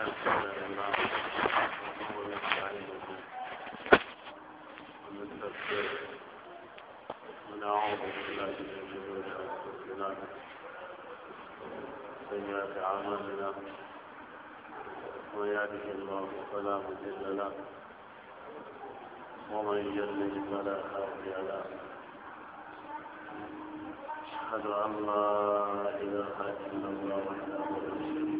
الحمد لله نحمده ونستعينه ونستغفره ونعوذ بالله من شرور انفسنا وسيئات اعمالنا من يهده الله فلا مضل ومن يضلل فلا هادي له أشهد أن لا إله إلا الله وحده لا شريك له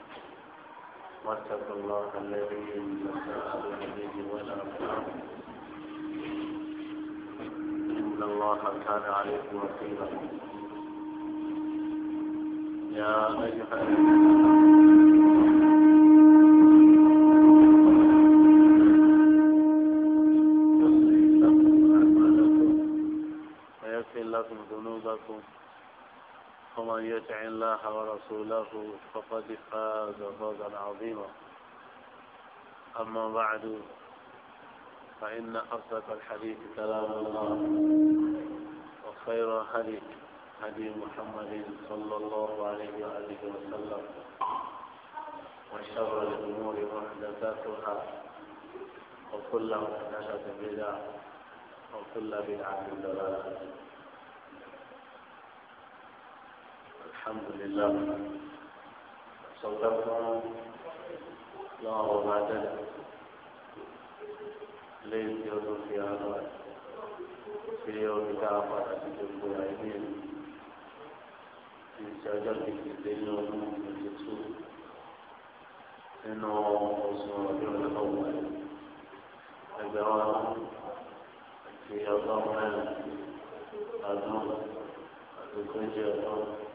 واتقوا الله الذي تساءلون به والأرحام إن الله كان عليكم رقيبا يا أيها الذين آمنوا ومن يطع الله ورسوله فقد فاز فوزا عظيما أما بعد فإن أصدق الحديث كلام الله وخير هدي هدي محمد صلى الله عليه وآله وسلم وشر الأمور محدثاتها وكل محدثة بدعة وكل بدعة ضلالة الحمد لله صدقنا لا رماد ليس يوم في هذا في يوم تعبد بجنب العينين في شجرة الدين والمؤمن يسوع إنه رسول ربنا الأول أجرنا في يوم أدنى أدنى أدنى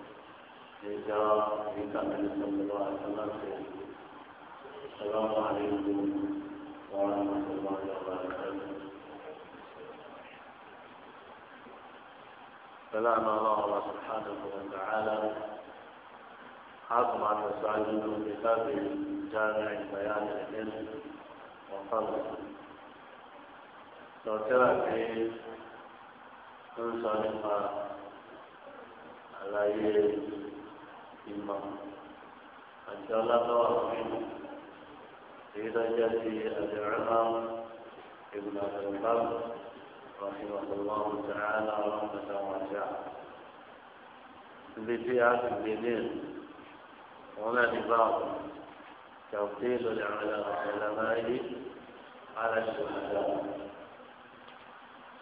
هجرة الله عليه السلام عليكم ورحمة الله وبركاته سلام الله سبحانه وتعالى حاكم عن مساعد كتاب جامع بيان العلم وفضل لو ترى في انسان على ìmọ̀ àti ọlọ́lọ́wọ́ fún èyí tó jẹ́ ti àdìrẹ́mọ́ ìgbìmọ̀ àdìrẹ́mọ́ رحمه الله تعالى رحمة واسعة بفئة الدين هنا نظام تفضيل العلماء على الشهداء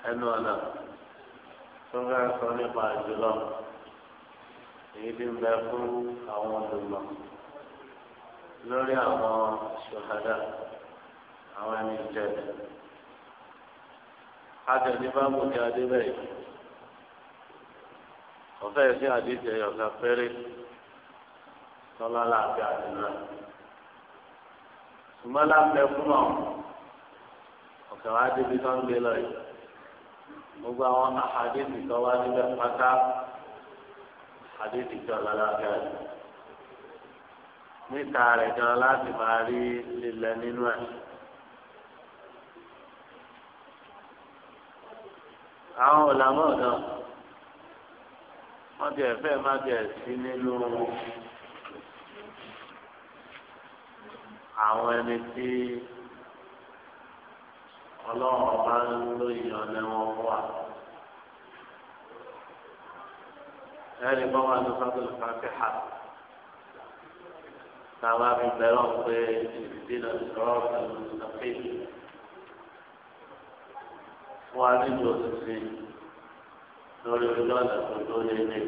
أنه أنا ثم أصنع الجلال èyí ti ń bẹ fún àwọn olùmọ̀ lórí àwọn ṣòhádà àwọn ẹni ìjẹ̀dù. Adẹ̀ni bá mú ní Adébẹ̀yì. Ọ̀fẹ́ sí àdíjẹ ọ̀gá péré tọ́lá láti àdínà. Ṣùgbọ́n láǹfẹ̀ fún ọ̀ ọ̀kẹ́ wa débi tó ń gbé lọ yìí. Gbogbo àwọn àhàdé ti tọ́ wá níbẹ̀ pátá àdéhùn ìjọ lálàáfíà jù níta rẹ̀ gan láti máa rí lílẹ̀ nínú ẹ̀. àwọn ọ̀làmọ́ náà wọ́n ti ẹ̀fẹ́ má ti ẹ̀sí nínú àwọn ẹni tí ọlọ́run bá ń lóyún ọ̀nà wọn wà. ẹni bá wà ní sábẹ́lì fàtíhà táwa fi bẹ̀rẹ̀ ọ̀pẹ ìdílé ìṣòro ìṣàfẹ́ fún wa nílò òṣìṣẹ́ lórí ojú ọ̀nà tó tó lélẹ̀.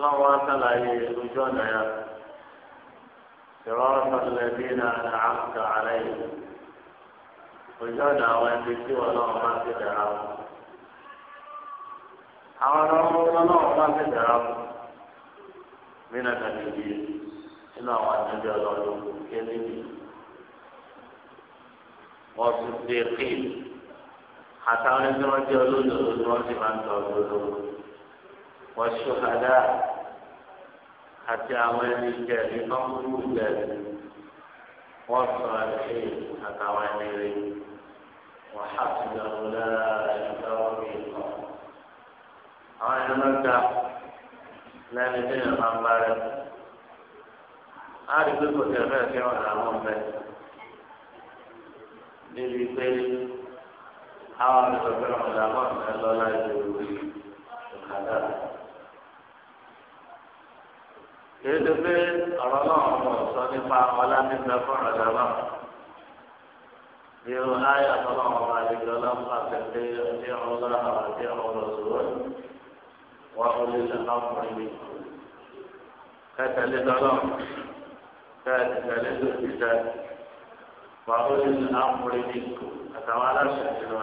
Lọ́wọ́ sàlàyé ojú ọ̀nà ya ìrọ̀rùn pàtàkì náà ní àkùkọ àlàyé ojú ọ̀nà àwọn ẹni tí wọ́n lọ́wọ́ bá ti dàrá wọn. àwọn ọlọ́run ọlọ́run bá fẹ́ dára fún mí náà tàbí ìdí nínú àwọn àjọyọ̀ ọlọ́run kẹ́lí mi wọ́n ti dé kí àtàwọn ẹni wọ́n jẹ́ olódodo ni wọ́n ti máa ń tọ́ olódodo wọ́n ṣọ́kadà àti àwọn ẹni jẹ̀rí tó ń kú jẹ̀rí wọ́n sọ ẹni àtàwọn ẹni rí wọ́n ṣàtúnyẹ̀wò lára ẹ̀ka wọn. àwọn ẹni náà ga lẹ́ni tí yẹn máa ń bá rẹ̀. Láàrin pé kò tẹ̀ fẹ́ kí wọ́n làwọn ọ̀fẹ́. Níbi pé àwọn ọ̀dọ́ fẹ́ wọn làwọn ọ̀fẹ́ lọ́la ìlú ìkàdá. Kìí ṣe pé ọ̀rọ̀ náà ọmọ sọ nípa ọlá nípa fún ọ̀dọ́ náà. láyà tọ́lọ́ ọmọ àdìgbò ọlọ́mọ àti pé ọdí ọ̀rọ̀ àti ọ̀rọ̀ وأولي الأمر منكم كتلد الأمر كتلد الكتاب وأولي الأمر منكم أتوالى شكل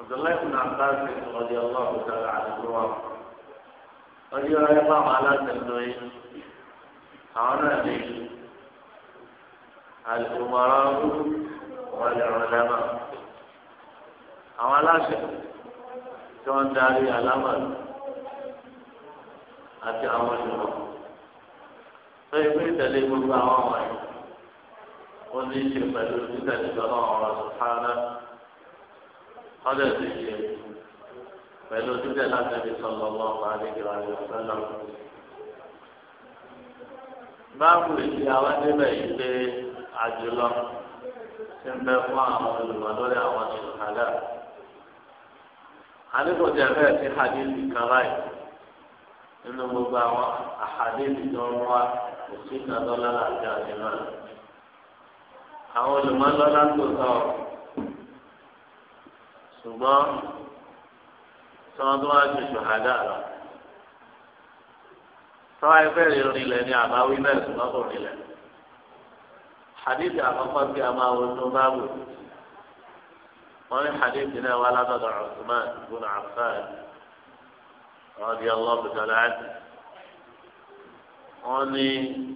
عبد الله بن عباس رضي الله تعالى عنهما رضي الله على تنوين أنا الأمراء والعلماء أولا شكل tí wọ́n darí alámàlú àti àwọn ìlú tó yẹ pé ìtẹ̀lé gbogbo àwọn wọ̀nyí ó ní í ṣe pẹ̀lú títẹ̀lé lọ́wọ́ ọ̀rọ̀ sùpárá ọ̀dẹ̀ ti ṣe pẹ̀lú títẹ̀ látẹ̀lé sọ̀rọ̀ lọ́wọ́ àdéhùn àdéhùn báwo ìdí àwọn níbẹ̀ yìí pé àjùlọ ti ń bẹ fún àwọn olùmọ̀ àwọn ìlú kálẹ̀ àdínkù tí a fẹ́ sí hadithi kan báyìí nínú gbogbo àwọn àhadithi tó ń wá òsì kan lọ́la àti àdínà àwọn olùmọ̀lọ́lá tó sọ ṣùgbọ́n tí wọ́n tó lọ tọ́wá ẹgbẹ́ rẹ̀ rinlẹ̀ àbáwí bẹ́ẹ̀ ṣùgbọ́n kò hadithi àkọ́kọ́ tí a máa wọ́n tó bá wò. ومن حديثنا ولد عثمان بن عفان رضي الله تعالى عنه وني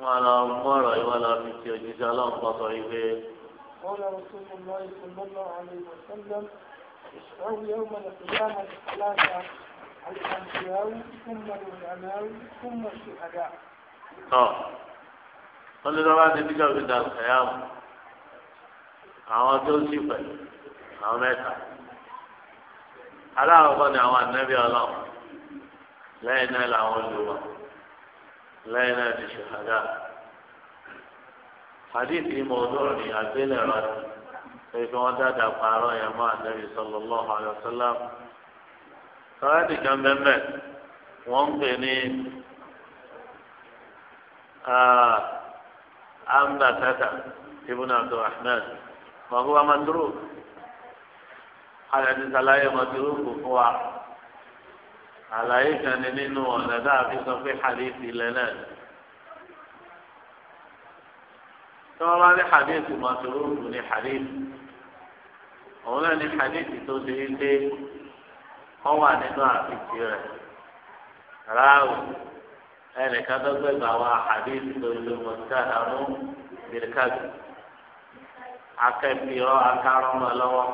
ولا مرة ولا في جزالان بطريقه قال رسول الله صلى الله عليه وسلم اشفعوا يوم القيامة الثلاثة الأنبياء ثم العلماء ثم الشهداء. اه. قال لي طبعا النبي قال القيامة àwọn tó sì pẹ̀lú àwọn mẹ́ta aláwọ̀kọ́ ni àwọn ànábì ọlọ́run lẹ́yìn náà làwọn olùwà lẹ́yìn náà ti ṣèkádà hadithi mọ̀ọ́dọ́rọ̀ ni àgbélẹ̀ rẹ̀ pé kí wọ́n dáadáa pààrọ̀ yẹn mọ́ ànábì sallallahu alaihi wasallam sọ́láàtì kan bẹ́ẹ̀ wọ́n ń pè ní ah, ambatata ibùdó abdulrahman mọ̀kú wa máa ń dúró alẹ́ni sàlàyé máa dúró kò fún wa àlàyé kan ní nínú ọ̀nà dáàbí sọ pé hadith ilẹ̀ náà tí wọ́n bá ní hadith máa dúró kò ní hadith òun náà ní hadith tó ṣe é dé wọ́n wà nínú àfìsí rẹ̀ ráàwù ẹnìkan tó gbẹ̀gbà wa hadith tó lè mọ̀ sí àdámú bìrìkàdù akẹ́bíọ́ akárọ́mọ lọ́wọ́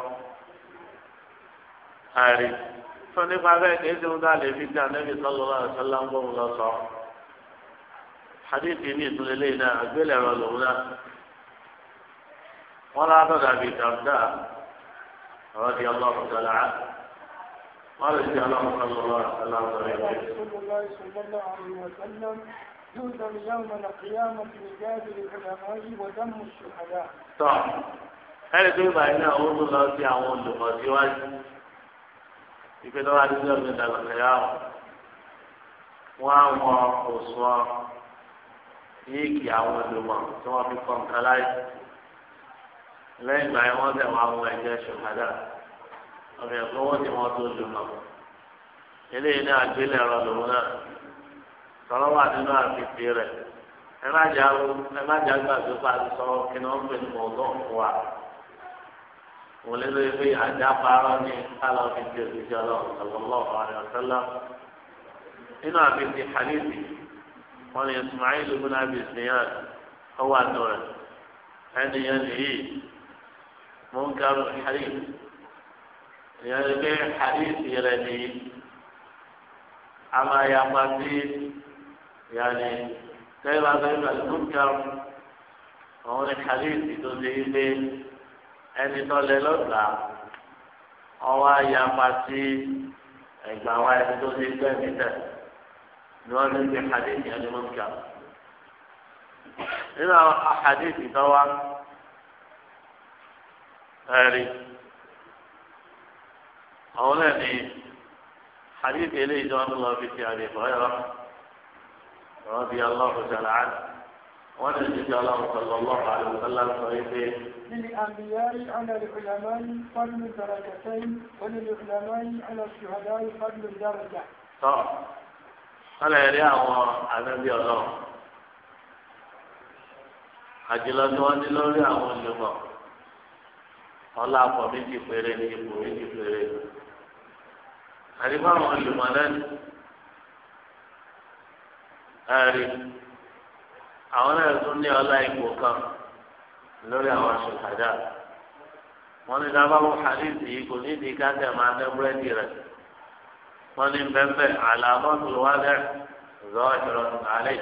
àrí tó nípa bẹ́ẹ̀ kì í ṣe ń dá lè fi dá nẹ́bí sọ́lọ́lá ọ̀sọ́lá ń bọ̀rù lọ́sọ̀ hadithi ní ìtúlẹ̀ lẹ́yìn náà àgbélẹ̀rọ lòun náà wọ́n lọ́ àtọ́jà bíi dàmdà ọ̀rọ̀ di ọlọ́run tọ́lá wọ́n lè ṣe ọlọ́run sọ́lọ́lá ọ̀sọ́lá ń bọ̀rù lọ́sọ̀. يوزن يوم القيامة لجاد العلماء ودم الشهداء. طبعا ẹni tó bá iná ó tún lọ sí àwọn olùkọ́ síwájú ìpínlẹ̀ wa ní ọ̀gbìn ìdàgbàsẹ̀yà wọn àwọn òṣùwọ̀n yéèkì àwọn olùmọ̀ tí wọ́n fi kọ́ nǹkan láì lẹ́yìn ìgbà yẹn wọ́n tẹ̀ wọ́n àwọn ẹ̀jẹ̀ ṣùgbọ́dà ọ̀gbìn ẹ̀kọ́ wọ́n ti wọ́n tó olùmọ̀ eléyìí náà gbélé ẹ̀rọ lòun náà. sọ̀rọ̀ wà nínú àfihàn rẹ̀ ẹ má jà ó ẹ má jà gbàgbé pa sọ kí ni wọ́n pè ní mọ̀ọ́dọ̀ fún wa. wọ́n lé lórí pé àjà parọ́ ní kálọ̀ fi di hadithi wọn ni Ismail Abi ẹni yẹn nìyí ń hadith ni hadith يعني كيف غير المنكر òun ni kàlíìsì tó ṣe yí pé ẹni tó lè lọ́gbà ọwọ́ ayé apá sí ẹ̀gbà wa ẹni tó ṣe gbẹ́ mi tẹ̀ ni wọ́n ní pé kàlíìsì ẹni mú kíá. nínú àwọn kàlíìsì tó wá ẹ̀rí òun náà ni eléyìí tó wọn lọ fi ti àlè fọ́ ẹ̀rọ. رضي الله تعالى عنه وانا جزا الله صلى الله عليه وسلم صحيحين. للأنبياء على العلماء فضل درجتين وللعلماء على الشهداء فضل درجة صح. أنا يا النبي الله àjùlọ ni wọn ní lórí àwọn olùmọ ọlá àpọ méjì péré ní ipò méjì péré àdìgbò àwọn ẹ̀rí àwọn náà tún ní ọlá ipò kan lórí àwọn wọn ní dábàbò hadith yìí kò di máa dẹ búrẹ́dì rẹ wọn ní bẹ́ẹ̀ àlàbọ̀tò wá dẹ zọ́ ìṣòro àlẹ́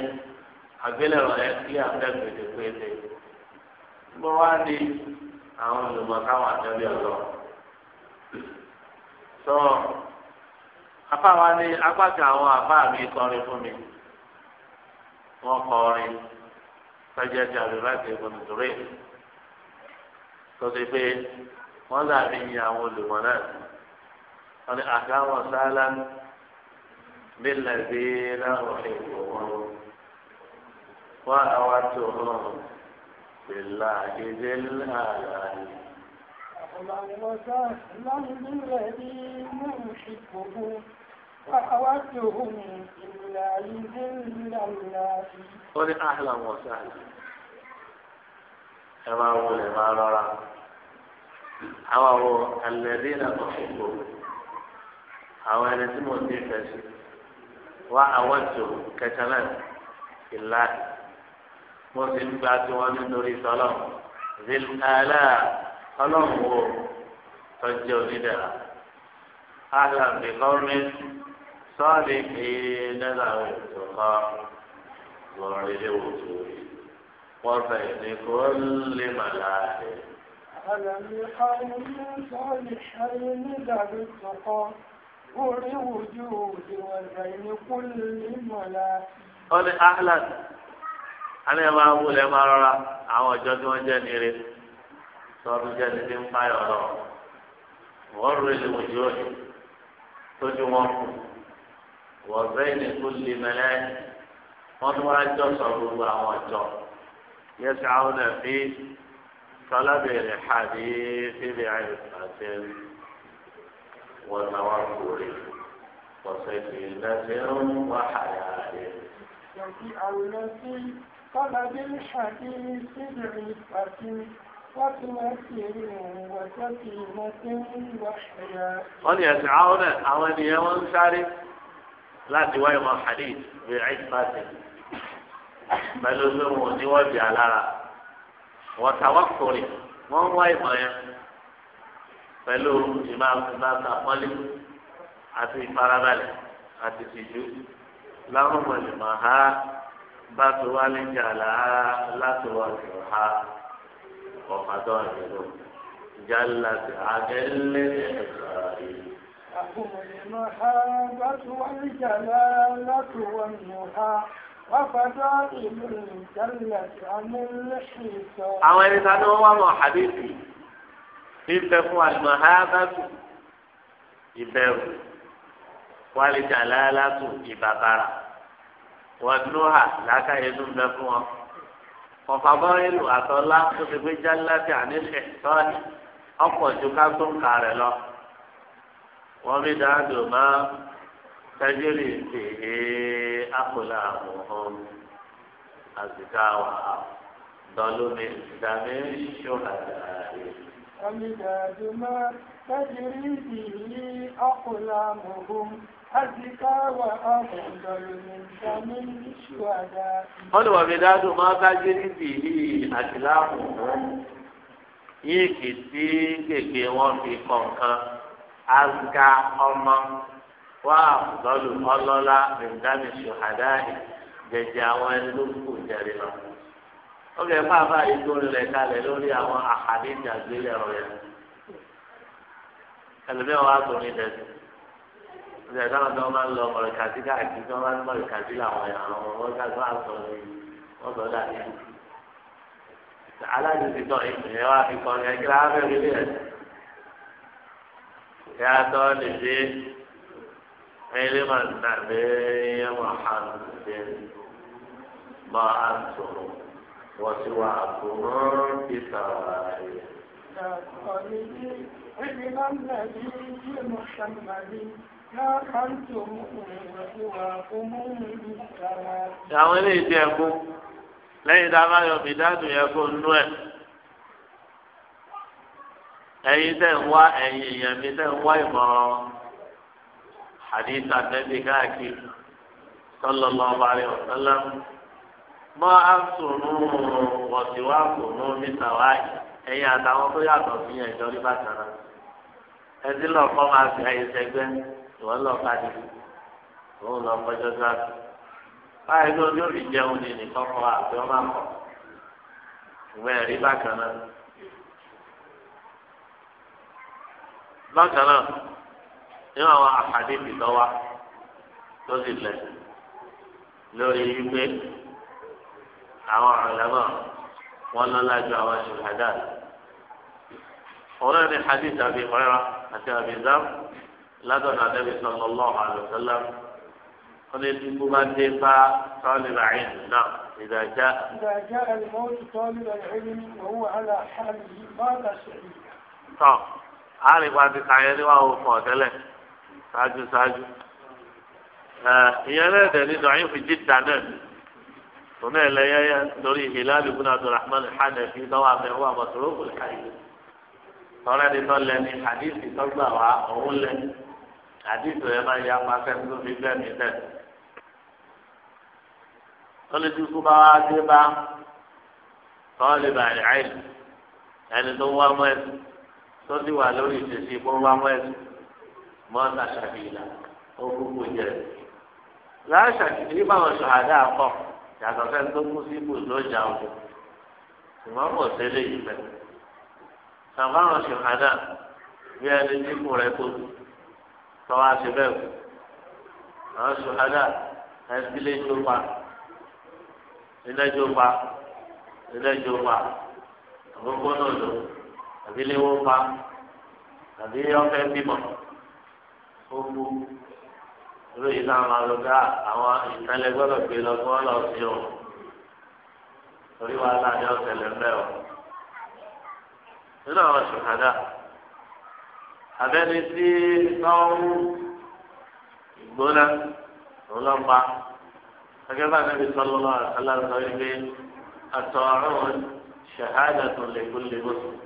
àgbélẹ̀rọ ẹ̀ kí àfẹ́ gbèdégbèdé bó wá ní àwọn káwọn sọ apá wa wọn kọ orin sọjá ti àbíbáṣe ìbùdókòrè tó ti pé wọn dàbí yin àwọn olùmọ náà wọn ni àkàwọn sálá bí lẹbi náà wọn lè wọn wọn àwọn tó wọn bìlà àgèdè láàárín. الله وسلم بالذي نحبه فأودهم إلا يذل الناس قل أهلا وسهلا كما أقول ما نرى àwọn àwọn alẹ́dí làwọn kókó àwọn ẹni tí mo ti fẹ́ sí wá àwọn tó kẹtẹlẹ ìlà mo ti ń gba tí wọ́n nítorí sọlọ zilkala ọlọ́run wo tọ́jú onídàá àhàlà bìkọ́rin sọ́ọ̀lì fi nẹ́là ètò kan lọ́rọ̀ ilé òjò rí wọ́n fẹ̀yìn ní kó lè mà láàyè. Àlàyé ayé ní sọ́ọ̀lì ayé nígbà ètò kan orí òjò òjò ọ̀gá ìní kó lè mà láàyè. Ó ní Ahlan, máa ń wúlẹ̀ máa rọra àwọn ọjọ́ tí wọ́n jẹ́ nire sọ́ọ̀lù jẹ́ nílé ń pààyàn lọ. Wọ́n rú ilé òjò òjò tójú wọn kù. وبين كل ملائكة وهو أجل صلى الله عليه وسلم يسعون في طلب الحديث بعفة وتوكل وسكينة وحياة يسعون في طلب الحديث بعفة wọ́n ní ẹ̀sìn àwọn náà àwọn ènìyàn wọn ń sáré láti wáyé wọn hadith bí ẹ̀ẹ́d pàṣẹ pẹ̀lú pé wọn ò ní wọ́n bì á lára wọ́n tàwọn kùnì wọ́n ń wá ìmọ̀ yẹn pẹ̀lú ìmọ̀ àpọ́nlé àti ìfarabalẹ̀ àti ìtìjú láwọn mọ̀lẹ́mọ̀ ha bá tó wá ní jàlá láti wọ́n ti ha ọ̀pá tó wà nínú jàlá ti àgẹ́lẹ́ ẹ̀ka ìlú. لهم المحابة والجلالة والنهى وفضائل جلت عن الحساب. àwọn ẹni tani wọn wá mọ àdéhùn ìfẹ́ fún alimọhábàtù ìbẹ̀rù wàlìjàlálàtù ìbàbàrà wọnúhà làákàyẹnú bẹ fún wọn kọfàbọrìlù àtọlá tó ti gbé jálá tí àníṣe tọ́ni ọkọ̀ ju ká tó ń kà rẹ̀ lọ wọ́n bí dáadọ̀ máa tajiri fìhé akọlà àmọ̀hún àzìká wà dọ́lómi dàmí ṣọ́kàdà rẹ̀. wọ́n bí dáadọ̀ máa tajiri fìhé akọlà àmọ̀hún wọ́n lè wà mí dáadọ́ máa bá jírí bì í àtìláàmù yìí kì í sí gègé wọn fi kọ̀ọ̀kan azga ọmọ wà lọ́lù ọlọ́lá ìdámi ṣùhàdá jẹjẹ àwọn ẹni tó kù jẹrì lọ. ó kẹ́ fáfá ìgbóni rẹ̀ kalẹ̀ lórí àwọn àhàdé ìjàgbélẹ̀ ọ̀rọ̀ yẹn. ẹlòmíràn wà tó ní dẹ́sí. ìgbà táwọn tó máa ń lọ ọ̀rọ̀ kàdí káàkiri tó máa ń lọ ọ̀rọ̀ kàdí làwọn ẹ̀yàn àwọn ọmọ ọ̀gá tó àgbọ̀ wọn sọ dà ní. aláàdúgbò tó ìpìlẹ̀ wà fi kọ́ yàtọ̀ lèdè ẹlẹ́mọ̀ nàbẹ yẹmọ̀ àǹtẹ̀ mọ̀ àǹtọ̀rọ̀ wọ́n ti wà àbúrò títà rẹ̀. Àwọn eléyìí ti ẹ̀kú lẹ́yìn tá a bá yọ bìdádùn yẹn kó nú ẹ̀ ẹ̀yin tẹ́ ń wá ẹ̀yin èèyàn mi tẹ́ ń wá ìmọ̀ràn àdìsá tẹ́bí káàkiri sallallahu alaihi wasallam mọ àtùnú wọ̀síwá kò mú mi sàwáì ẹ̀yin àtàwọn tó yàtọ̀ sí yẹn ìjọ nípa sàrà ẹtí lọ́kọ́ máa fi àyè sẹ́gbẹ́ ìwọ́n lọ́ọ́ káàdì òun lọ́ọ́ kọjọ́ sáàtì báyìí ló ní òbí jẹun ní nìkan kọ́ àti ọmọ àkọ́ ìwé ẹ̀rí bákan náà. bákan náà nínú àwọn àkàdé ìdánwà tó sì lẹ lórí wípé àwọn ọ̀lẹ́mọ̀ wọn lọ́la ju àwọn ṣùgbọ́dá òun ní hadith àbí ìmọ̀rẹ́ra àti àbí ìdám ládọ̀nà àdẹ́bí sọ̀rọ̀ lọ́wọ́ àlùsọ́lá wọn ní dúkú bá dé bá sọ́ọ̀lì ràyìn náà. إذا جاء إذا جاء الموت طالب العلم وهو على حاله مات شهيدا àárín pàtí kàyẹn ní wàá òfin ọ̀tẹ́lẹ̀ ṣáájú ṣáájú. ìyẹn náà tẹ̀lé ní ọ̀yìn fìdí dà náà tòun ẹ̀ lẹ́yẹ́yẹ́ lórí Hilal ibn Abdurrahman Hanafi lọ́wọ́ àfẹ́wọ́ àbọ̀sọ̀rọ̀ òkú káyé. tọ́lá ni tọ́ lẹ́ni àdìsí tọ́gbà wá òun lẹ́ni àdìsí rẹ̀ máa ya pàṣẹ tó fi bẹ́ẹ̀ mi bẹ́ẹ̀. tọ́lá ti kú bá wá dé bá tọ́lá ti bàrẹ̀ àìlú ẹni tó wá mọ́ ẹ̀sìn tó ti wà lórí ìṣesí fún wámú ẹ̀sùn mọ́tà ṣàbíyìlá ó kúkú jẹ. láṣà kìí báwọn ṣọ̀hádà pọ̀ yàtọ̀ fẹ́ tó kú sí ibù lójà òkú ṣùgbọ́n kò tẹ́lẹ̀ yìí pẹ̀. sàbáwọn ṣọ̀hádà bí ẹni tí kù rẹ̀ tó tọ́wọ́ àti bẹ́ẹ̀ kù. àwọn ṣọ̀hádà ẹbí lè pa ilé jó pa ilé jó pa àgbógbó náà lò àbí léwó pa àbí ọfẹ bímọ ogbó lóye náà máa lọ ká àwọn ìtẹlẹ gbọ́dọ̀ gbé lọ kí wọn lọ sí o torí wàhálà ni ọsẹ lẹ mẹ o nínú àwọn ṣùkàdà abẹ́ni tí sọ́ọ́rù ìgbóná ọlọ́mpa gẹ́gẹ́ bá níbi sọ́lọ́lọ́ àtàlà sọ wípé àtọ̀ọ̀rùn ṣàhádà tó lè kú lè gbósùn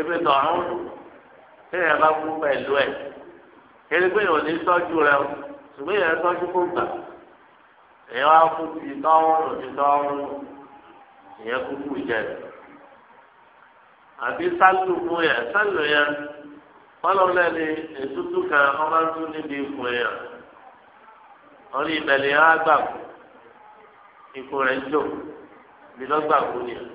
ebi tọ̀hún kéèyàn bá kú pẹ̀lú ẹ̀ kéèyàn pé òní tọ́jú rẹ o ṣùgbọ́n èèyàn tọ́jú kó gbà èèyàn wá kú ti tọ́hún òtí tọ́hún èèyàn kúkú jẹ àbí sálù mú yẹn sálù yẹn fọlọ́lẹ́ ni ètùtù kan wọ́n tún níbi ìfún èèyàn wọ́n ní ìbẹ̀lẹ̀ yẹn gbà kú ikú rẹ̀ jò bí lọ́gbà kú nìyẹn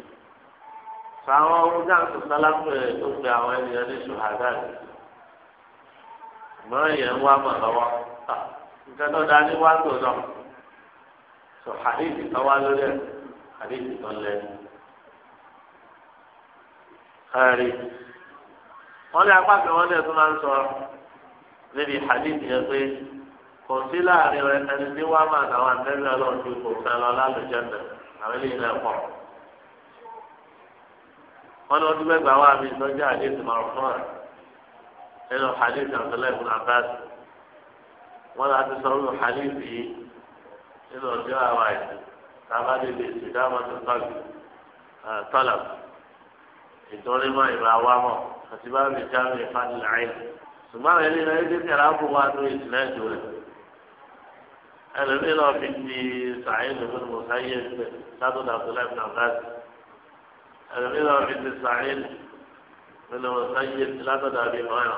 fàwọn ohun tí a ń sọ sálápẹ tó pe àwọn ènìyàn ní ṣùhàdá yìí mọ èèyàn wá mọ lọ́wọ́ nǹkan tó dáa ní wàá tó náà sọ hadithi kan wá lórí ẹ hadithi kan lẹ ẹrí wọn ní apá kan wọn ní ẹtún máa ń sọ níbi hadithi yẹn pé kò sí láàrin ẹni tí wàá máa tàwọn àtẹ́lẹ́ ọlọ́run tó kò fẹ́ lọ lálùjẹ́ náà àwọn eléyìí náà pọ̀ wọn ni wọn tún mẹgbàá wà mí sọjá àdéhùn márùnún nínú hadith abdullahi ibn abbas wọn là ti sọ̀rọ̀ hadith yìí nínú ọjọ́ àwọn àìsàn tábà débi ìsìdámọ tó tọlù tọlù ìtọ́lé mọ ìrọ̀ àwa mọ àti bá mi já mi fani láàyè ṣùgbọ́n àwọn ènìyàn ẹni tẹ̀lé àbò wa tó ìsìlẹ̀ jù rẹ̀ ẹlòmíràn fi ti sàyẹn lóbi mọ̀ sáyẹn ẹlòmíràn fi ti sàáyìn nínú sáyé látọ̀dọ̀ àbí mọ́yàn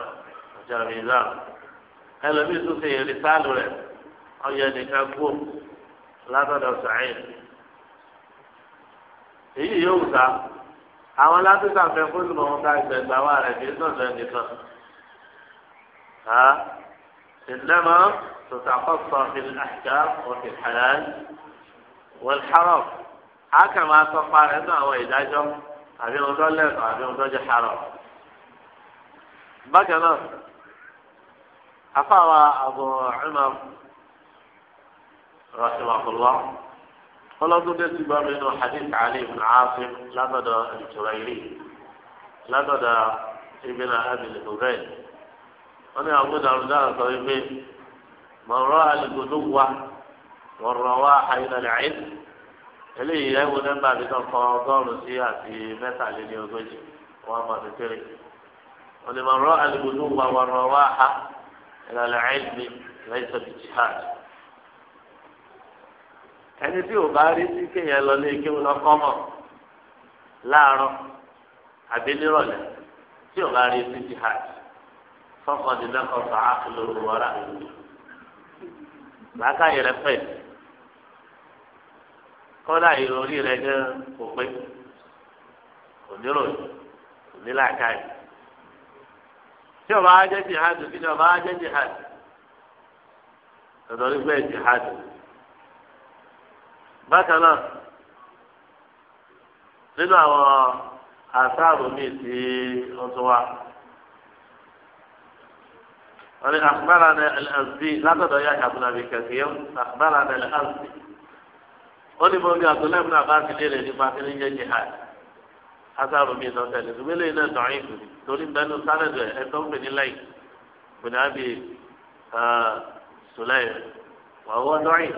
àti àbí ìlà ẹlòmíràn tún fi èrè sáàlù rẹ̀ ọyọ nìkan kú látọ̀dọ̀ sàáyìn. èyí yóò gbà àwọn látọ̀dọ̀ àfẹ́ fún ìmọ̀ wọn ká ìgbẹ̀gbà wà rẹ̀ kì í sọ̀tọ̀ nìkan. إنما تتقصى في الأحكام وفي الحلال والحرام a kàn máa sọ pa rẹ̀ nínú àwọn ìdájọ́ àbí ohun tó lẹ́tọ̀ọ́ àbí ohun tó jẹ́ haram. bákan náà afáwa Abu Umar rahimahullah ọlọ́dúndé ti gbọ́ nínú hadith Ali ibn Asim látọ̀dọ̀ ìtúrẹ́lì látọ̀dọ̀ ibn abil hurayn wọ́n ní àwọn dàrúdà sọ wípé mọ̀rọ́ àlùkò ló wà mọ̀rọ́ wà àyìnlẹ̀ àyìnlẹ̀. eléyìí ẹ̀wù nọ́mbà mi kan kọ ọgọ́rùn-ún sí àti mẹ́tàléní ogójì wọn mọ̀ ní kéré onímọ̀rọ̀ wà wá ha ìlànà ẹ̀mí lẹ́sọ̀ bí jihad ẹni tí ò bá rí sí kéèyàn lọ lé kéwù lọ́kọ́ mọ̀ láàárọ̀ àbí nírọ̀lẹ́ tí ò bá rí sí jihad fọkàndínlẹ́kọ̀ọ́ sọ pẹ̀lú. kọ́lá ìròrí rẹ̀ gan kò pé kò nírò kò maa tí ọba á jẹ́ jihad kí ni ọba á jẹ́ jihad tọ̀dọ̀ nígbà jihad bákan náà nínú àwọn àṣàrò míì tí wọ́n wọ́n ní bọ́ọ̀lù àtúnlẹ̀ fún àbáṣe léèrè nípa kí ní jẹ́ jihad asáàrù mi lọ tẹ̀lé ìgbélé iná dọ̀ọ́yìn tó ní torí bẹ́ẹ̀nu sálẹ̀dù ẹ̀tọ́ ń pè ní láì gbìnà bí sùlẹ̀ wà wọ́n dọ̀ọ́yìn.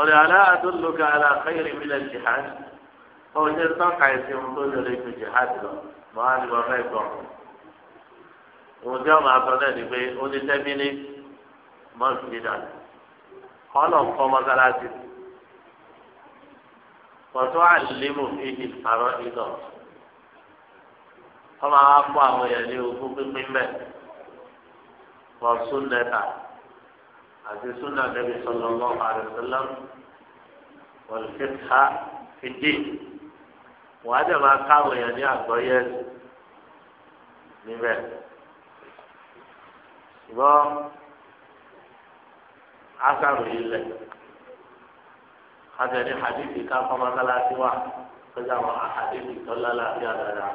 ọ̀rẹ́ alẹ́ àdúlùkà alẹ́ àkẹ́yẹ̀rẹ́ mi lẹ́ jihad ọ̀rẹ́ jẹ́ sọ́ọ̀kà ẹ̀sìn ohun tó lórí ju jihad lọ mọ́ á ní wọ́n fẹ́ gbọ́. òun jẹ́ ọmọ àtọ́ náà ni pé ó ní mọ́ọ̀sì kọ́nà kọ́ mọ́sálásí pọ̀tọ́ àlébù fíjì àrọ́ ìdọ̀ ọmọ àwọn akọ àwọn èèyàn ní ogún pínpín mẹ́ wọ́n súnẹ́ta àti súnà Nabi sallallahu alaihi wasallam wọ́n fi á dẹ̀ máa àwọn èèyàn ní àgbọ́yé níbẹ̀ ṣùgbọ́n asàrò yìí lẹ̀ àtẹ̀lé hadithi ká kọ́mọ́sálásí wà kọjá àwọn hadithi tó lálàáfíà dáadáa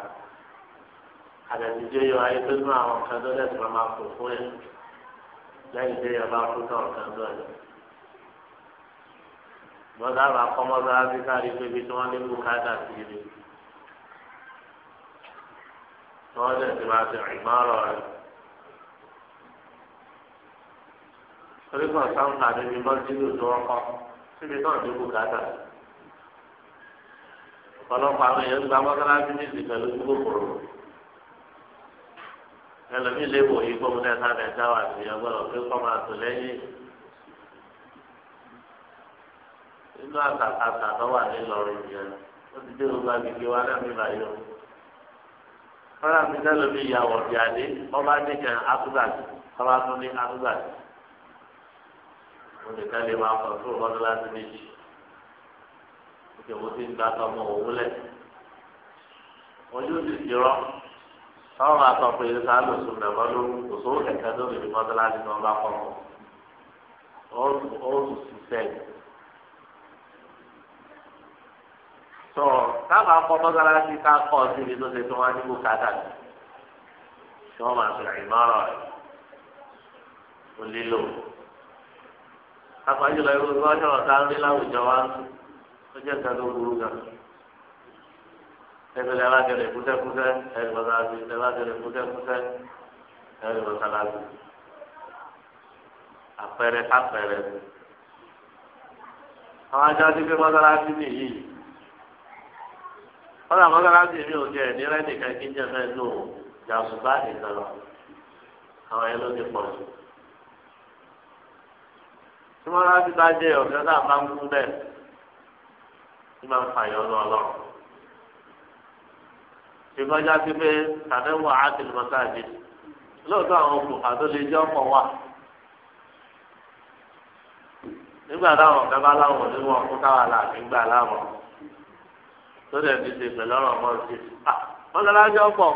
àtẹ̀lé jẹ́ yọ ayé tó nú àwọn kan tó lẹ́sìn máa kó fún ẹ lẹ́yìn tó yẹ bá kú tán kan tó ẹ. bọ́dà àbá kọ́mọ́sálásí káàdì pé ibi tí wọ́n ní bùkátà ni wọ́n ti máa ti rìn márọ̀ torí kan sáwọn àti tó wọ́n kọ́ síbi náà ní bùkátà. ọ̀pọ̀lọpọ̀ àwọn èèyàn gba mọ́sálásí ní ìsìn pẹ̀lú gbogbo kòrò. ẹlòmíì lè wò yí kó múlẹ̀ sáà mẹ́ta wà sí ọgbọ́dọ̀ pé kọ́ máa tò lẹ́yìn. inú àtàkàtà tó wà nílọrin yẹn ó ti dé gbogbo agbègbè wa náà mi báyìí o. kọ́lá mi yà wọ̀ mo lè ká lè máa kọ̀ fún ọmọdé láti méjì òkè mo ti ń gba tọmọ òun lẹ̀ wọn yóò sì ti rọ táwọn máa sọ pé ẹ̀ka ló sùn nàbọ́ ló kò sówó kẹ̀kẹ́ tó lè fi mọ́tò láti ní wọn bá kọ́ mọ́ ọ̀rùn tó táwọn akọ mọ́tò láti ká kọ́ síbi tó ṣe tó wá ní bùkátà ni tí wọ́n máa fi àyè mọ́rọ̀ rẹ̀ àpàjùlọ irú tí wọ́n sọ̀rọ̀ tá a ń rí láwùjọ wa ó jẹ́ nǹkan tó burú gan. ẹgbẹ́ lẹ́la tẹ̀lé kúsẹ́kúsẹ́ ẹgbẹ́ sálábì lẹ́la tẹ̀lé kúsẹ́kúsẹ́ ẹgbẹ́ sálábì. àpẹẹrẹ kápẹẹrẹ. àwọn ajá ti gbé mọ́sálásí nìyí. wọ́n làwọn mọ́sálásí mi ò jẹ́ ẹ̀ ní rẹ́ẹ̀dì kan kí n jẹ́ fẹ́ẹ́ lò jàǹsùbá ìtàn lọ. àwọn ẹ̀ ló ti pọ̀ jù tí wọ́n rántí bá jẹ ọ̀dọ́ náà máa ń kú bẹ́ẹ̀ tí máa ń fa ìyọ́ lọ lọ. ṣùgbọ́n já sí pé tàdéwà ákìlì mọ́sáàjì lóòótọ́ àwọn òkùnfà tó lè jẹ́ wà. nígbà táwọn ọ̀gá bá láwọn oníwọ̀ fún táwa là nígbà láwọn tó dẹ̀ fi ṣe pẹ̀lú ọ̀rọ̀ mọ́ọ̀sì. wọ́n lọ lájọ́ pọ̀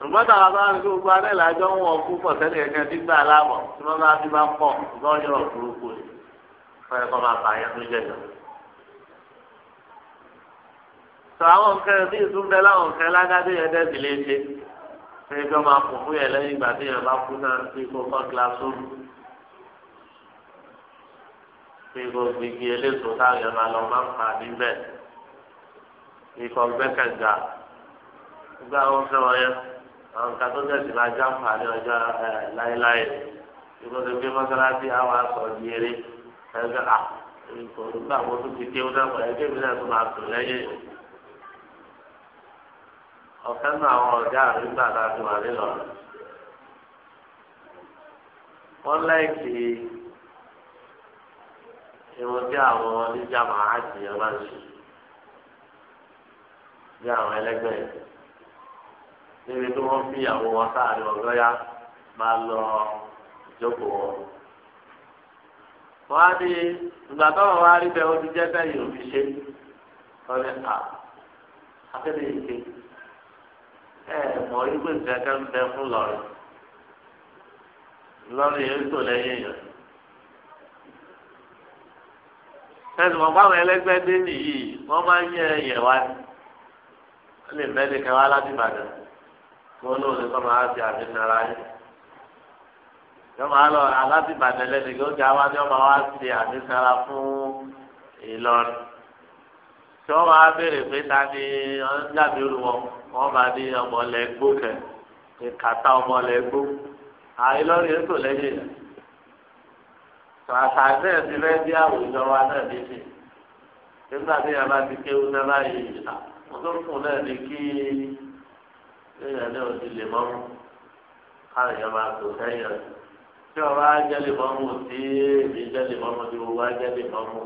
ṣùgbọ́n tàwa bá ń gbogbo alẹ́ làjọ ń wọ̀ kú pọ̀ sẹ́lẹ̀ ẹ̀kẹ́ gbígbà láàbọ̀ tí wọ́n bá ti bá pọ̀ ṣùgbọ́n yọ̀rọ̀ burúkú ni wọ́n yẹ kó máa bà yẹn tó jẹ̀ jọ. sọ àwọn nǹkan bí ìtúndẹ láwọn nǹkan ládàdé yẹn dẹ́bi lé ṣe ṣé kí wọ́n máa kún fún yẹn lẹ́yìn ìgbà tí yẹn bá kú náà sí kó kọ́ kílásóòmù sí kó gbígi wọn yẹn àwọn nǹkan tó tẹ̀sí máa já nfààní ọjọ́ láéláé ìgbọ́n tó gbé mọ́sálásí àwọn aṣọ di ẹgbẹ́ à nígbà wo tó ti dé ó dàgbà ẹgbẹ́ mi náà tó máa sùn lẹ́yìn ọ̀kan náà àwọn ọ̀gá àrígbà láti wà nílọ̀rọ̀ wọ́n láìkì irun tí àwọn oníjàmbá àti máa ń ṣe bí àwọn ẹlẹ́gbẹ́ yìí. níbi tí wọ́n fi àwọn wọn sáàrin ya máa lọ ìjókòó wọn. wọ́n á ní ìgbà tó wọn wá rí bẹ́ẹ̀ ó ti jẹ́ bẹ́ẹ̀ fi ṣe akéde mọ̀ ń bẹ fún yóò tó lẹ́yìn ẹlẹ́gbẹ́ dé nìyí wọ́n máa ń yẹ ẹ̀yẹ̀ kí wọn lóore kọ́ máa fi àmì nara yín yọ máa lọ aláti ìbàdàn lẹ́nu kí ó jà wá ní ọmọ wa ṣe àmì nara fún Ìlọrin tí wọn máa béèrè pé ta ni wọn ń dàbí olú wọn wọn máa ní ọmọ lẹgbó kẹ ní kàtà ọmọ lẹgbó àìlọrin ètò lẹ́yìn àṣà náà ti fẹ́ bí àwùjọ wa náà níbi nígbà tí yàrá ti kéwú náà báyìí ìlà mo tó kù náà ní kí lẹ́yìn náà ti lè mọ́ mú káwọn èèyàn máa tó sẹ́yìn rẹ̀ tí ọba ajẹ́lẹ̀ mọ́ mú tí èmi jẹ́lẹ̀ mọ́ mú tí gbogbo ajẹ́lẹ̀ mọ́ mú.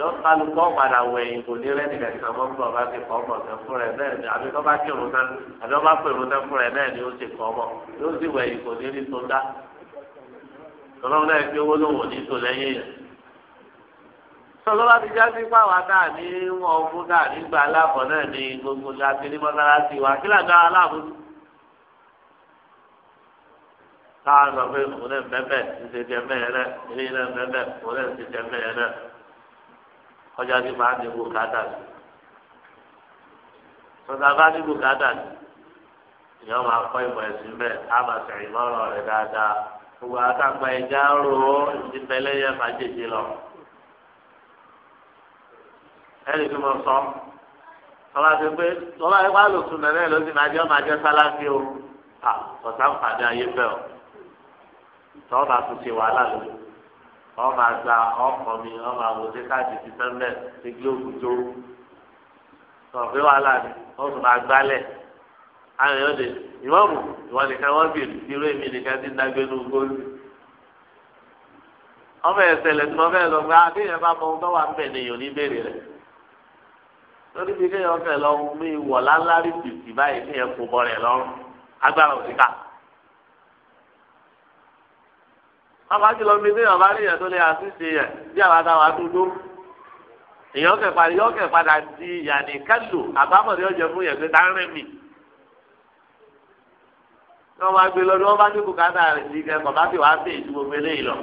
yọ kálukọ́ padà wẹ̀yìn kò ní rẹ́ nìkan kan mọ́ mú ọba ti kọ́ ọmọ kan fún rẹ̀ náà ni àbí ọba kí òun tán àbí ọba pè òun tán fún rẹ̀ náà ni ó ti kọ́ ọmọ yóò sì wẹ̀yìn kò ní rí tó dá. ọlọ́run náà sọlọ bá ti já sí fáwọn náà ní wọn ogún náà nígbà aláàbọ̀ náà ní gbogbo láti ní mọ́sálásí wa kí làgbà aláàbòsí. káà sọ pé òun náà bẹ́ẹ̀ ti ṣe jẹ bẹ́ẹ̀ náà ilé náà bẹ́ẹ̀ òun náà ti jẹ bẹ́ẹ̀ náà ọjà ti máa ń dín bùkátà sí. sọ̀tà bá dín bùkátà sí ìyá máa kọ́ ìmọ̀ ẹ̀sìn bẹ́ẹ̀ á máa sẹ̀yìn mọ́rọ̀ rẹ̀ dáadáa gbogbo ẹni tó mọ sọ tọ́lá ti pé tọ́lá yẹn wá lòsùn náà náà lọ́sìn máa jẹ́ ọmọ ajẹ́ sáláfí o à ọ̀sán pàdé ayé bẹ́ẹ̀ o tọ́lá bá tún ṣe wàhálà lórí ọmọ àgbà ọkọ mi ọmọ àwòdì káàdì ti sẹ́ńdẹ̀ ti gílóògù tó tọ̀gbé wàhálà ni wọ́n tún máa gbálẹ̀ àwọn èèyàn lè ìwọ́mù ìwọ́n nìkan wọ́n bì irú èmi nìkan ti dágbé ní ogójì ọmọ ẹ̀sẹ̀ lẹ́tọ́ fẹ́ lọ gba àbí ìyẹn bá mọ ohun tó wà ń bẹ̀ ní èèyàn ní ìbéèrè rẹ̀ lórí bí kéèyàn fẹ́ lọ mú ìwọ̀ lálárí tìtì báyìí kéèyàn kó bọ́ rẹ̀ lọ́rùn agbára òsìkà. ọba ti lọ mi ní ọba rí yẹn tó lè àṣìṣe yẹn bí àwọn àtàwọn àdúgbò èèyàn kẹfà yọ kẹfà dà di yàní kálù ni. ọjọ́ fún yẹn pé tá ń rìn mí. wọ́n máa gbé lọ́dún wọ́n bá ní bùkátà rẹ̀ sí kẹ́kọ̀ọ́ bá sì wáá sí ìdúró fẹ́lẹ́ yìí lọ.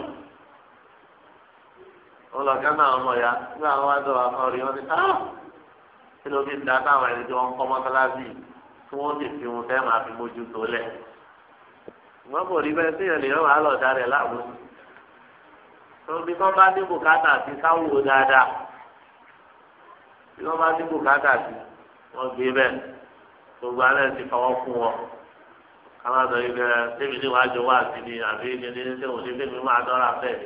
wọ́n lọ kẹ́ ọmọ ya nígbà wọn wá dọ̀wọ́ ni tí ló fi ń da táwọn ẹni tí wọ́n ń kọ́ mọ́sálásí tí wọ́n sì fi wọn fẹ́ máa fi mójú tó lẹ̀. wọ́n kò rí bẹ́ẹ̀ síyàn lèèyàn wàá lọ darẹ̀ láàbò. tóbi kán bá ní bùkátà sí káwò dáadáa bí wọ́n bá ní bùkátà sí wọ́n gbé bẹ́ẹ̀ gbogbo alẹ́ ti fọwọ́ fún wọn káwọn sọ yìí bẹ́ẹ̀ débi ní wàá jọ wá sí ni àbí ní ní ṣé ní fẹ́mi máa dọ́ra bẹ́ẹ̀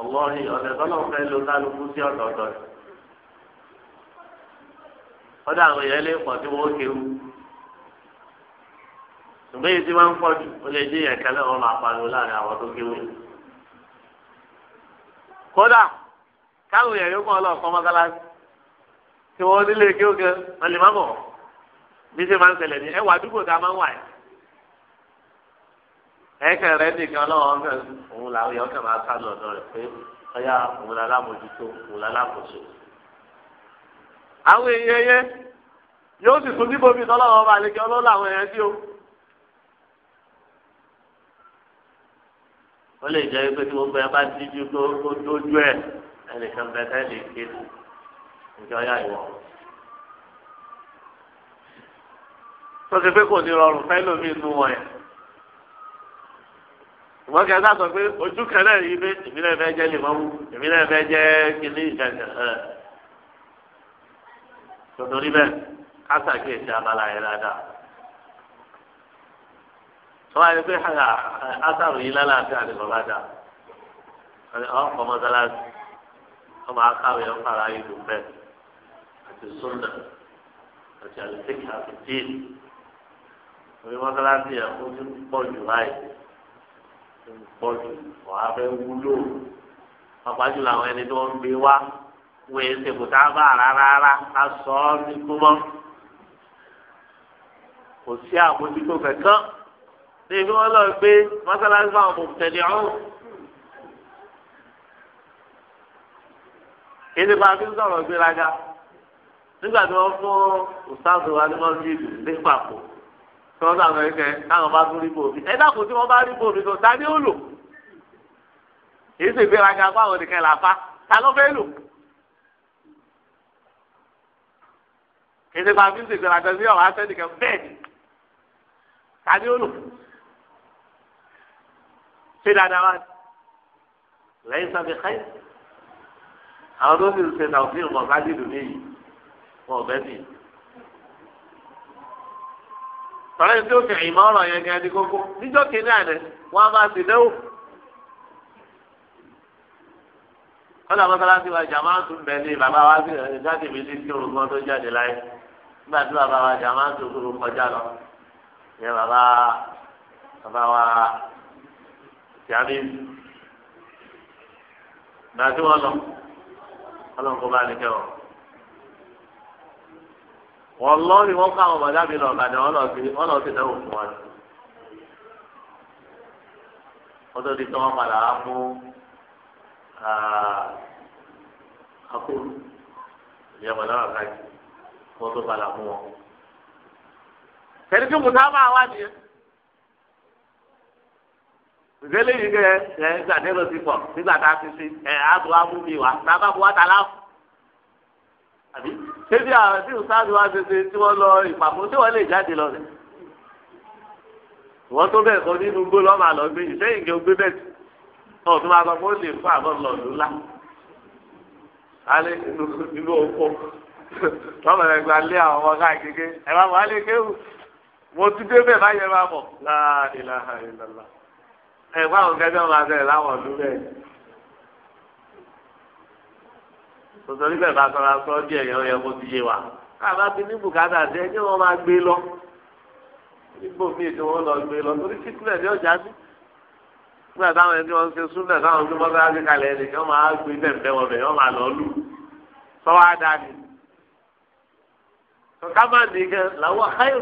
ọgbọ́n ọ̀sẹ̀ tọ́lọ́ fẹ́ lo kálukú sí ọ̀tọ̀ọ̀tọ̀ yìí. ọ̀dọ̀ àwọn èèyàn lè pọ̀ tí wọ́n kéwù ṣùgbọ́n èyí tí wọ́n ń pọ̀ jù ó lè dé yẹn kẹlẹ́ wọn máa pariwo láàrin àwọn tó kéwù yìí. kódà káwọn èèyàn yóò kọ́ ọlọ́ọ̀kọ́ mọ́sálásí tí wọ́n nílé kéwù má bọ̀ bí ṣe máa ń ní ẹwà àdúgbò tá a máa ń wà yìí. ẹ̀kẹ́ rẹ nìkan òun làwọn èèyàn àwọn èèyàn yẹn yóò sì tún níbo mi tọ́lọ́wọ́ bá lè jẹ́ ọlọ́lọ́ àwọn èèyàn sí o. ó lè jẹ́ pé tí gbogbo ẹ bá díjú tó dójú ẹ̀ ẹnìkan bẹ́tẹ́ lè ké ìjọ yá ìwọ. tó ti pé kò ní rọrùn fẹ́ lómi inú wọn yẹn ìwọ́n kẹta sọ pé ojú kẹlẹ́ yìí pé èmi fẹ́ jẹ́ lè mọ́mú fẹ́ jẹ́ kínní ìjànjà ẹ̀ tòtòrí bẹ́ẹ̀ kásá kí èsì abala yẹn dáadáa. wọ́n á yẹ pé asàrò yìí lálàáfíà ni bàbá dà ọkọ̀ mọ́sálásí ọmọ akáwé ọ̀fàrà yìí ló bẹ́ẹ̀ àti sunna àti àlùfíkì àti díìlì orí mọ́sálásí yẹn kó tún pọ̀ jù báyìí tún pọ̀ jù wọ́n á fẹ́ wúlò pàápàá jùlọ àwọn ẹni tó ń gbé wá wọ́n èsè kùtà bá rárá ká sọ ọ́ ní kúmọ́ kò sí àbójútó kankan ní ibi wọn lọ gbé mọ́sálásí fáwọn mọ̀tẹ́lì ọ̀hún. kéde bá a fi ń sọ̀rọ̀ gbéraga nígbà tí wọ́n fún ọ̀sáàtò wa ní wọ́n fi lè pàpò tí wọ́n sàgbẹ́ kẹ́ káwọn bá tún rí bòmí ẹ dákun tí wọ́n bá rí bòmí tó ta ni ó lò èyí sì gbéraga fáwọn nìkan làfa ta ló fẹ́ lò. èdè bá fi ń sèkè àgbẹ̀ sí ọ̀rọ̀ asẹ́ nìkan bẹ́ẹ̀ ni tani ó lò ṣé dáadáa wá lẹ́yìn sábẹ́ káyì àwọn tó ti ṣe náà fíìmù ọ̀gá dìdù níyì wọn ò bẹ́ẹ̀ bì tọ́lá ẹni tí ó fi ìmọ̀ ọ̀rọ̀ yẹn gan-an ní kókó níjọ́ kìíní àná wọ́n á máa sì dẹ́wò. kọ́lá mọ́sálásí wa jàmáà tún bẹ̀ ní bàbá wa sí ẹ̀ẹ́dẹ́gbẹ̀mí sí kí orúkọ tó jáde láyé nígbà tí bàbá wa jà máa ń tó kúrò kọjá lọ ní bàbá bàbá wa jàmí gbà tí wọ́n lọ ọlọ́run kó bá ní kẹ́wọ̀n wọ́n lọ ni wọ́n káwọn bàdá mi lọ ọ̀gàdà wọ́n lọ sí ìdánwò fún wa wọ́n tó di tí wọ́n padà á mú akóró ìyẹn bàdá wà káyìí kó tó padà mú wọn. tẹ̀lifí mùtábà wà ní. ìdílé yìí kẹ ẹ gbàdéró ti pọ̀ nígbà tá a ti fi ẹ àtò amúmi wa bàbá bu wàtà láàfù. àbí ṣébí àwọn tí ìsáàdù wa ṣe ṣe tí wọ́n lọ ìpàmọ́ tí wọ́n lè jáde lọ rẹ̀. ìwọ́n tó bẹ̀ sọ nínú gbó lọ́mà lọ gbé ìṣẹ́yìn kí o gbé bẹ́ẹ̀ náà tó máa sọ pé ó fún àbọ̀ lọ́ọ̀dún lá. alẹ́ nínú ọkọ̀ tọ́lọ̀ rẹ̀ gba lé àwọn ọmọ káàkiri ẹ bá wà lé kéwù mo ti dé bẹ́ẹ̀ báyẹn bá mọ̀ la ilaha ẹ bá àwọn kẹ́kẹ́ máa bẹ̀rẹ̀ láwọn ọdún bẹ́ẹ̀. tòtò níbẹ̀ bá sọ̀rọ̀ sọ díẹ̀ yẹn ó yẹ kó ti yé wa káàbá ti ní bùkátà sí ẹ ní wọ́n máa gbé lọ nígbò míì tí wọ́n lọ gbé lọ torí síkúlẹ̀ ní ọjà sí nígbà táwọn ẹni tí ṣe súnlẹ̀ táwọn ọdún mọ́tò á kalẹ̀ ẹnì kan máa gbé bẹ́ẹ̀ bẹ́ẹ̀ wọ́n bẹ̀ wọ́n máa lọ lù sọ́wọ́ á dá ni kọ́ká máa ní kẹ́ làwọn ayò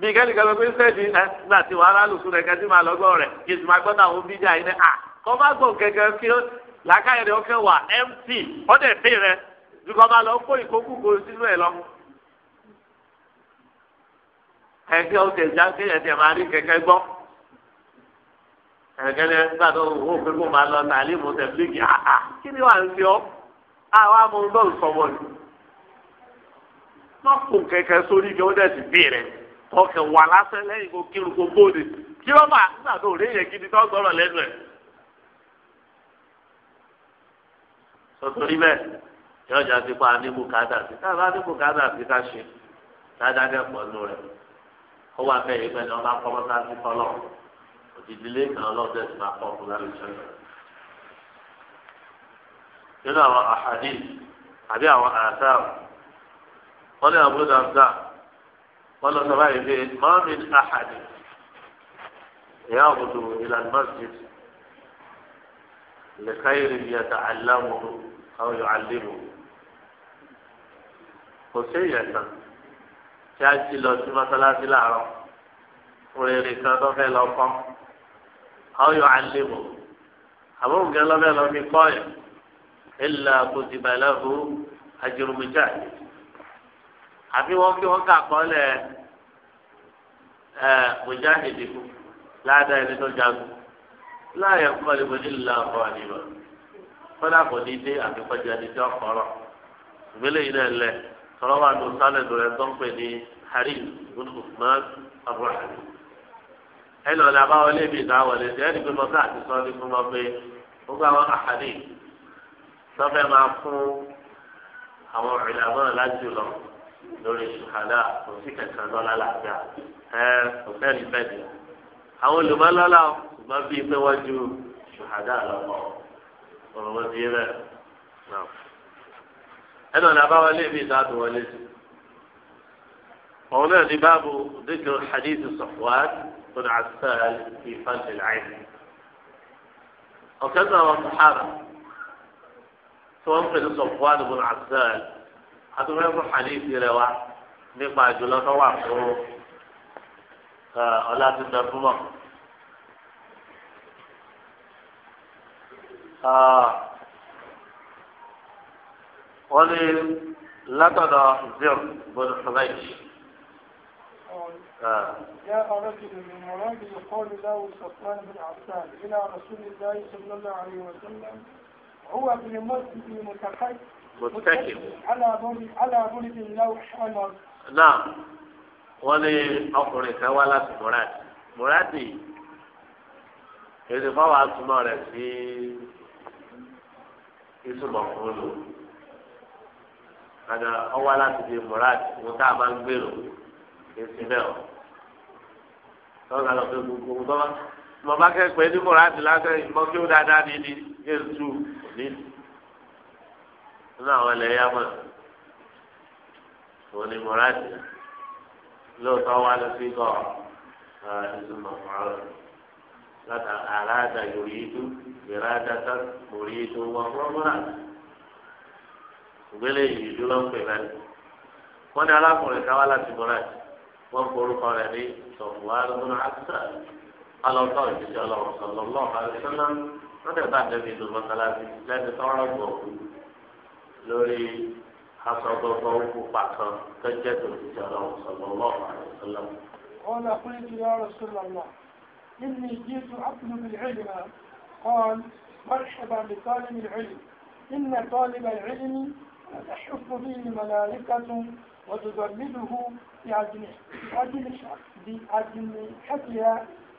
bí kẹ́nìkan lọ pé sẹ́ẹ̀dì ẹ nígbà tí wàhálà lùkù rẹ̀ kẹ́sì máa lọ́gbọ́n rẹ̀ kí èsì máa gbọ́dọ̀ àwọn bíjà yìí náà kọ́ má gbọ̀n kẹ̀kẹ́ kí làákàyè rẹ̀ ọkẹ́ wà mt ọ̀dẹ̀ pè rẹ̀ dùkọ́ máa lọ kó ìkókùkò sínú ẹ̀ lọ. ẹ̀kẹ́ ọ̀tẹ̀ já kéèyàn tẹ̀ máa rí kẹ̀kẹ́ gbọ́ ẹ̀kẹ́ ni nígbà tó wò ó pé kó máa lọ tàlímù tẹ̀blíkì mọ́kùn kẹ̀kẹ́ sórí kí wọ́n dẹ̀ ti bí rẹ̀ ọkẹ̀ wà lásán lẹ́yìn kó kírun kó bóde kí wọ́n máa nígbà tó rí yẹn gidi tó gbọ́rọ̀ lẹ́nu ẹ̀. sọtòrí bẹ́ẹ̀ yóò jà sí pa ní bùkátà sí ká bá ní bùkátà sí ká ṣe dáadáa pọ̀ nù rẹ̀ ó wà bẹ́ẹ̀ yìí pẹ̀lú ọba kọ́ mọ́tà sí kọ́lọ̀ òdìdílé kan ọlọ́dẹ ti máa kọ́ fún lálẹ́ sọ́yọ́. nínú àwọn àhàdí àbí àwọn àṣà wọ́n ní àbúrò dàmdà wọ́n lọ sọ báyìí pé mọ́mí àhàdì ìyá àbùdù ìlànà masjid lẹ́kàìrì yàtà àlámùhù àwọn yóò àlébù kò sí ìyàtà tí a ti lọ sí mọ́sálásí làárọ̀ òrèrè kan tó fẹ́ lọ kọ́ àwọn yóò àlébù àbúrò gẹ́gẹ́ lọ́fẹ́ lọ́mí kọ́ ẹ̀ ẹ̀ là kò sì bàlẹ́ fún àjùmùjáde àfi wọn kí wọn kà kọ́lẹ̀ ẹ mujahid kú ládàá ẹni tó jagun láàyè kọ́lé mo ní ìlú àkọ́ àníbọ̀ kọ́lá kò ní dé àfikọ́jà ní tí wọ́n kọ́rọ̀ ìgbélé yìí náà lẹ̀ sọ̀rọ̀ wà ló sálẹ̀ lórí ẹ̀ tó ń pè ní harry usman abdulhamid ẹ lọ ní abáwọlé mi ìdáwọlé ẹ ní pé mo ká àti sọ́ọ́ ní fún wọn pé ó gbà wọn àhàdì sọ́fẹ́ máa fún àwọn ìlànà láti lọ lórí ṣùkádà kò sí kankan lọ́la làbíà ẹ kò sẹ́ni bẹ́ẹ̀ni àwọn olùmọ̀lọ́lá ṣùgbọ́n bíi pé wọ́n ju ṣùkádà lọ́pọ̀ ọ̀rọ̀ wọn ti yé bẹ́ẹ̀ náà ẹnu ọ̀nà àbáwọlé mi ìdáàbò wọlé sí òun náà ní báàbò díkì hadith Safwan tó ní asal ìfàǹtì láìpẹ́ ọ̀kẹ́ wọn sàhárà tí wọ́n ń pè ní Safwan bùn asal atúmọ̀lẹ́kùn hadithi rẹ̀ wá nípa àjùlọ tó wà fún ọlátúndà fúnmọ̀. wọ́n ní látọ̀dọ̀ zero bọ́dọ̀ fúnmẹ́jì. جاء رجل من مراد يقال له صفوان بن عفان إلى رسول الله صلى الله عليه وسلم هو في المسجد متحدث mọ̀tẹ́kìn. náà wọ́n ní ọkùnrin kan wá láti mùrádì mùrádì èdè fáwọn asúmọ̀ rẹ̀ sí ìsúmọ̀ fún lò àná ọwọ́ láti di mùrádì mo tá a máa ń gbèrò èsì bẹ́ẹ̀ o lọ́wọ́ lọ pé gbogbo ọmọ bá kẹ́kọ̀ọ́ ẹni mùrádì lásán ìmọ̀ kí ó nínú àwọn ilẹ̀ yamọ̀ òun ni mọ̀rádì lóòótọ́ wà ló fi kọ́ ìtumọ̀ mọ̀rọ̀ láta àràádà yòrìdú ìràádà tá mòrìdú wọn mọ́mọ́ra ìgbélé ìdú ló ń pè bẹ́ẹ̀ wọ́n ní alákùnrin káwá láti mọ̀rádì wọ́n forúkọ rẹ̀ ní sọ̀fùwá lọ́nà àkùsà alọ́tọ̀ ìdíjọ́ lọ́wọ́ sọ̀lọ́lọ́ àlùsọ́nà wọ́n tẹ̀ bá àdébí ìdúró mọ́sálásí lórí asọ̀gbọ̀gbọ̀ òkú pàtó tó jẹ́ tòun ti ọ̀rọ̀ sọ̀rọ̀ lọ́wọ́ àlùsọ̀lọ́. قال قلت يا رسول الله إني جئت أطلب العلم قال مرحبا بطالب العلم إن طالب العلم تحف به ملائكة وتجرده بأجنحتها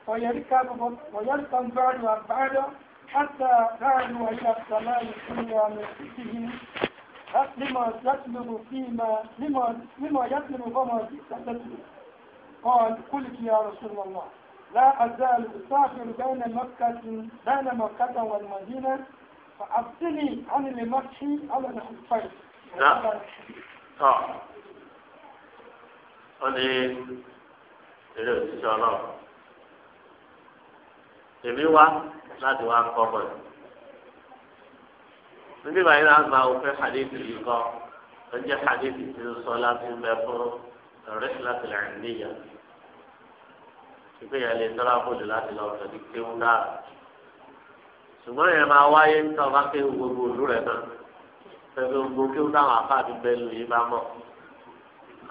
ويركب ويركب بعدها بعدا حتى رعدوا إلى السماء الدنيا من سكهم لما يطلب فيما لما لما يطلب فما تطلب قال قلت يا رسول الله لا أزال أسافر بين مكة بين مكة والمدينة فأبتلي عن المشي على الخفين نعم نعم ọdí eré òṣìṣẹ́ ọlọ́run èmi wá láti wá kọ́ bọ̀ yìí níbi báyìí náà gba òfin hadithi yìí kọ́ ó jẹ́ hadithi tí ń sọ láti ń bẹ fún rihlatul ilmiya ìpínyà lè tọ́lá fòlù láti lọ sọ̀dí kéwù náà ṣùgbọ́n yẹn máa wáyé ń tọ́ bá kéwù gbogbo òlú rẹ̀ náà pẹ̀lú gbogbo kéwù táwọn afáàbí bẹ́ẹ̀ lù yín bá mọ̀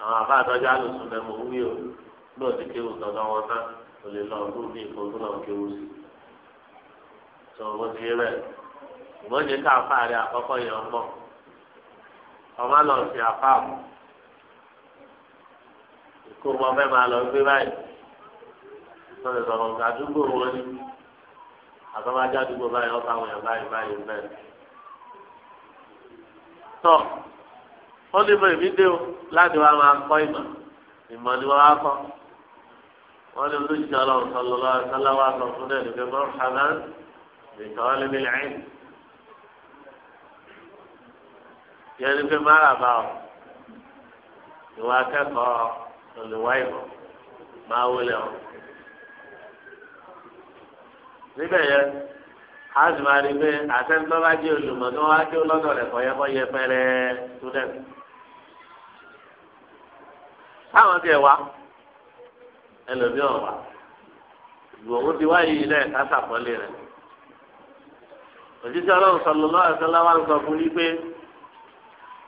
àwọn afáàbí ọjọ́ àlùsùn bẹ́ẹ̀ mọ̀ wúyò lóò ti kéwù tọ́jọ́ wọn náà kò lè lọ ọdún ní ìfowópamọ́ kéwù sí. sọ ìmọ̀nyé ká àfa rẹ̀ àkọ́kọ́ yẹn ọmọ ọmọ lọ sí àfa mọ́ kó mọ fẹ́ máa lọ gbé báyìí wọ́n sọ̀rọ̀ nǹkan àdúgbò wọn ni àtọ́májá àdúgbò báyìí ọ̀pá àwọn èèyàn báyìí báyìí bẹ́ẹ̀. tọ́ ó ní mọ ìmí dé o láti wá máa kọ́ ìmọ̀ ìmọ̀ ni wọ́n á kọ́ wọ́n ní olójijì ọlọ́run sọ̀rọ̀ lọ́wọ́ sọ́lá wa sọ fún ẹ̀ nígbẹ́ mọ́ yẹn ní pé máràbá o ìwà akẹ́kọ̀ọ́ olùwà ìmọ̀ máa wọlé o níbẹ̀ yẹn a sì máa rí i pé àtẹ́ńtọ́ bá jẹ́ tó wá jẹ́ lọ́dọ̀ rẹ̀ kọ́ yẹ kọ́ yẹ pẹ́rẹ́ student táwọn tiẹ̀ wá ẹlòmíràn wá ìwòwò ti wáyé ilẹ̀ kásàpọ̀lé rẹ̀ òjíṣẹ́ ọlọ́run sọlọ́lá ẹ̀sẹ̀ láwa ń sọ fún yí pé.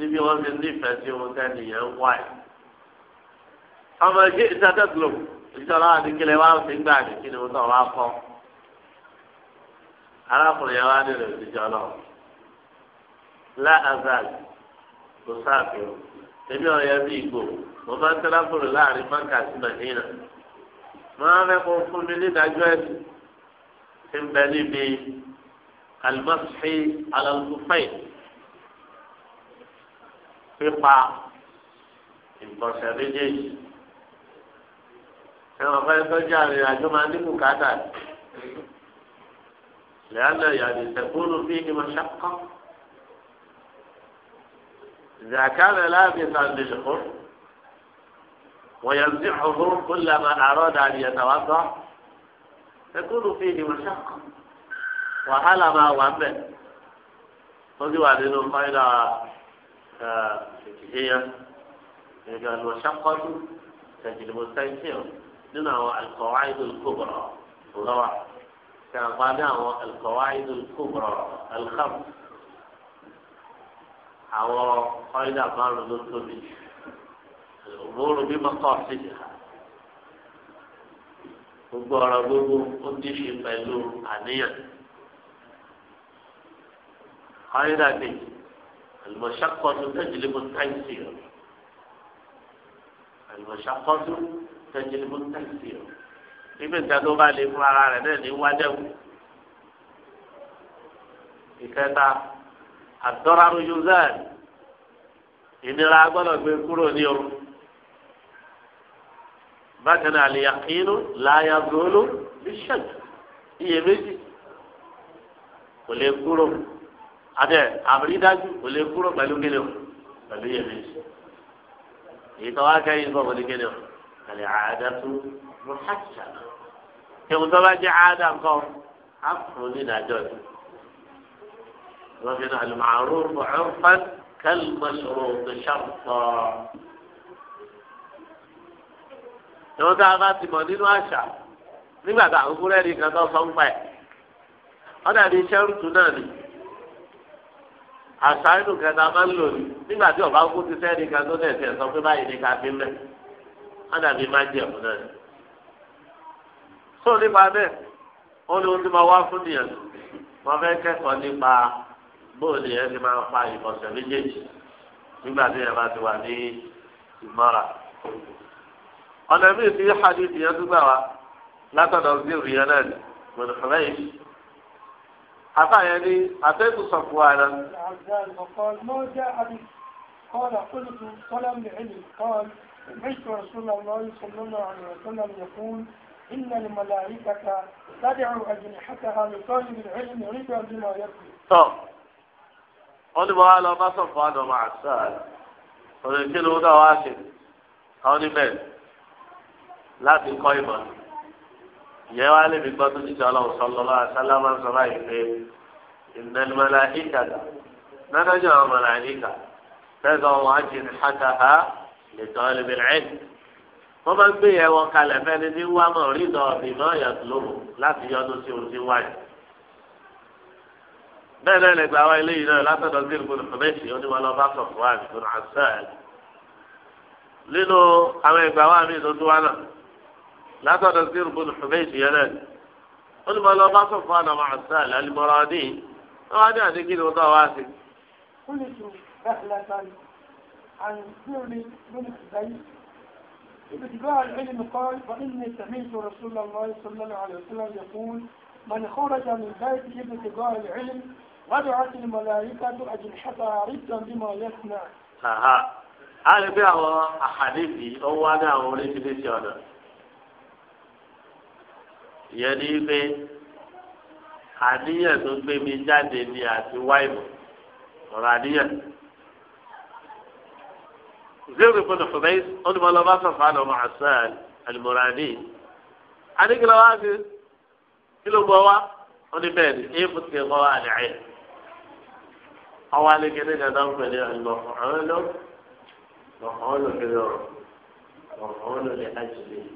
níbi wọn ti nífẹ̀ẹ́ sí ohun tẹ́lẹ̀ yẹn ń wáyé. ọmọ ìṣe ìṣàtẹ́tùlù ìṣọ̀lá àdìkílẹ̀ wa ń fi gbà ní kí ni mo tọ̀ wá kọ́. arákùnrin yẹn wá nílò ìṣìṣẹ́ ọlọ́run. láàzàl kò sáàfin o èmi ọ̀rẹ́ bí ìgbò mo máa ń tẹ́lá kúrò láàrin mọ́kà sí màdínà. máa fẹ́ kó fún mi nídàájọ́ ẹ̀sìn tí ń bẹ níbi alimọ́sí alọ́lùfẹ́yìn. pípa ìgbọ̀nsẹ̀ méjèèjì ẹ̀wọ̀n fẹ́ tọ́jú àrìn àjọ máa ní bùkátà lẹ́yìn ìyàdì tẹ̀kúrú fi ni mo ṣàkọ́ ìdàkàrẹ̀ láàbì wọ́n ọ̀hún sàǹdì ṣùkúrú ويمسحه كلما أراد أن يتوضأ تكون فيه مشقة وهلما وهمه خذوا من الخير فقهية المشقة تجلب التيسير لنا القواعد الكبرى وضوع كقناة القواعد الكبرى الخمس أو قاعدة مارد الطبي الأمور بمقاصدها gbogbo ọ̀rọ̀ gbogbo ó ní ṣe pẹ̀lú àníyàn. kọ́ńdà kejì المشقة تجلب التيسير المشقة تجلب التيسير ibi nǹkan tó bá lè fún ara rẹ̀ náà ní wájẹwò ìkẹta àdọ́rarú yuzaani ìnira gbọ́dọ̀ gbé kúrò ní ooru bákan náà àlìyàkínú láyà gbóòló bíṣẹ̀t iyèméjì kò lè kúrò abẹ àbúrídájú kò lè kúrò pẹ̀lú kíni o pẹ̀lú yẹmi èyí tó wá kẹ́yìn bọ̀ wọlé kíni o pẹ̀lú àádátú mùsàkìsà kẹwọn tó bá jẹ àádá nǹkan á fún un ní ìdájọ́ yìí wọn fi náà àlùmọ̀ọ́rù ọ̀fán kẹlùmọ̀ṣòro tó ṣàkóso. ìwọ́n tá a bá ti mọ̀ nínú àṣà nígbà tá a kúkúrẹ́ nìkan tó sọ ń pa ẹ̀ ọ̀dà bíi ṣẹ́rùtù náà nìyí. àṣàyínú kẹta máa ń lò ní nígbà tí ọba kú ti sẹ́ni kan tó dẹ̀ tiẹ̀ sọ pé báyìí ká fi mẹ́ ádàbí má náà ni. tó nípa bẹ́ẹ̀ ní ohun tí wá fún nìyẹn mo fẹ́ kẹ́kọ̀ọ́ nípa bóun nìyẹn ti máa fa ìbọ̀sẹ̀ méjèèjì nígbà tí ẹ̀ bá ti wà ní ìmọ̀ra. ọ̀nà míì tí hadith yẹn tún gbà wá látọ̀dọ̀ sí náà ni mo afa yẹn ni afẹ́tù sọ̀fù àná. قال قلت طلب العلم قال سمعت رسول الله صلى الله عليه وسلم يقول إن الملائكة تدع أجنحتها لطالب العلم رضا بما يطلب. طب قل ما لو ما صفى مع السائل قل كل هذا واحد قال بيت لا تقيمه ìyẹn wá lébi gbọ́ tó jíjẹ ọlọ́run sọlọ lọ́wọ́ sálámà ń sọ báyìí pé ìnàlùmọ́lá ìkàdà nánájọ́ àwọn màláíkà fẹ́ẹ́sọ̀ wọn á jìn hàkà á lẹ́tọ́ ẹlẹ́bi rẹ̀ wọ́n máa ń gbé yẹn wọn kalẹ̀ fẹ́ni tí wọ́n mọ̀ rí lọ ìmọ̀ ìyàtúlómù láti yọdún sí ohun tí wáyé bẹ́ẹ̀ náà lẹ́gbẹ̀ẹ́ àwọn eléyìí náà látọ̀dọ̀ sí nínú àwọn ẹgbẹ́ àwọn àmì ìdòdó wa náà látọ̀dọ̀ sí rúbùn ṣùgbẹ́sì yẹn náà ó ní bọ́lá ọba sọ fún àdàmà àṣàlẹ̀ alimọ́ra ọdí wọn wá ní àdékí ni wọn tó wá sí. kúlìtù rẹ̀lẹ̀tàn àǹtírí lónìí ṣùgbẹ́yì ابتداء العلم قال فإني سمعت رسول الله صلى الله عليه وسلم يقول من خرج من بيته ابتداء العلم وضعت الملائكة أجنحتها ردا بما يصنع. Aha, a lè bí àwọn àhàdìsí ó wá ní àwọn oríṣiríṣi ọ̀nà. ìyẹn ní pé àníyàn tó gbé mi jáde ni àti wáìmù ọ̀rọ̀ àníyàn. زيد بن حبيب قل ما لما فعله مع السال المراني أنا قال هذا كله بوا أنا بين إيه بتي بوا العين أول كده نظام بني المفعول مفعول كده مفعول لأجله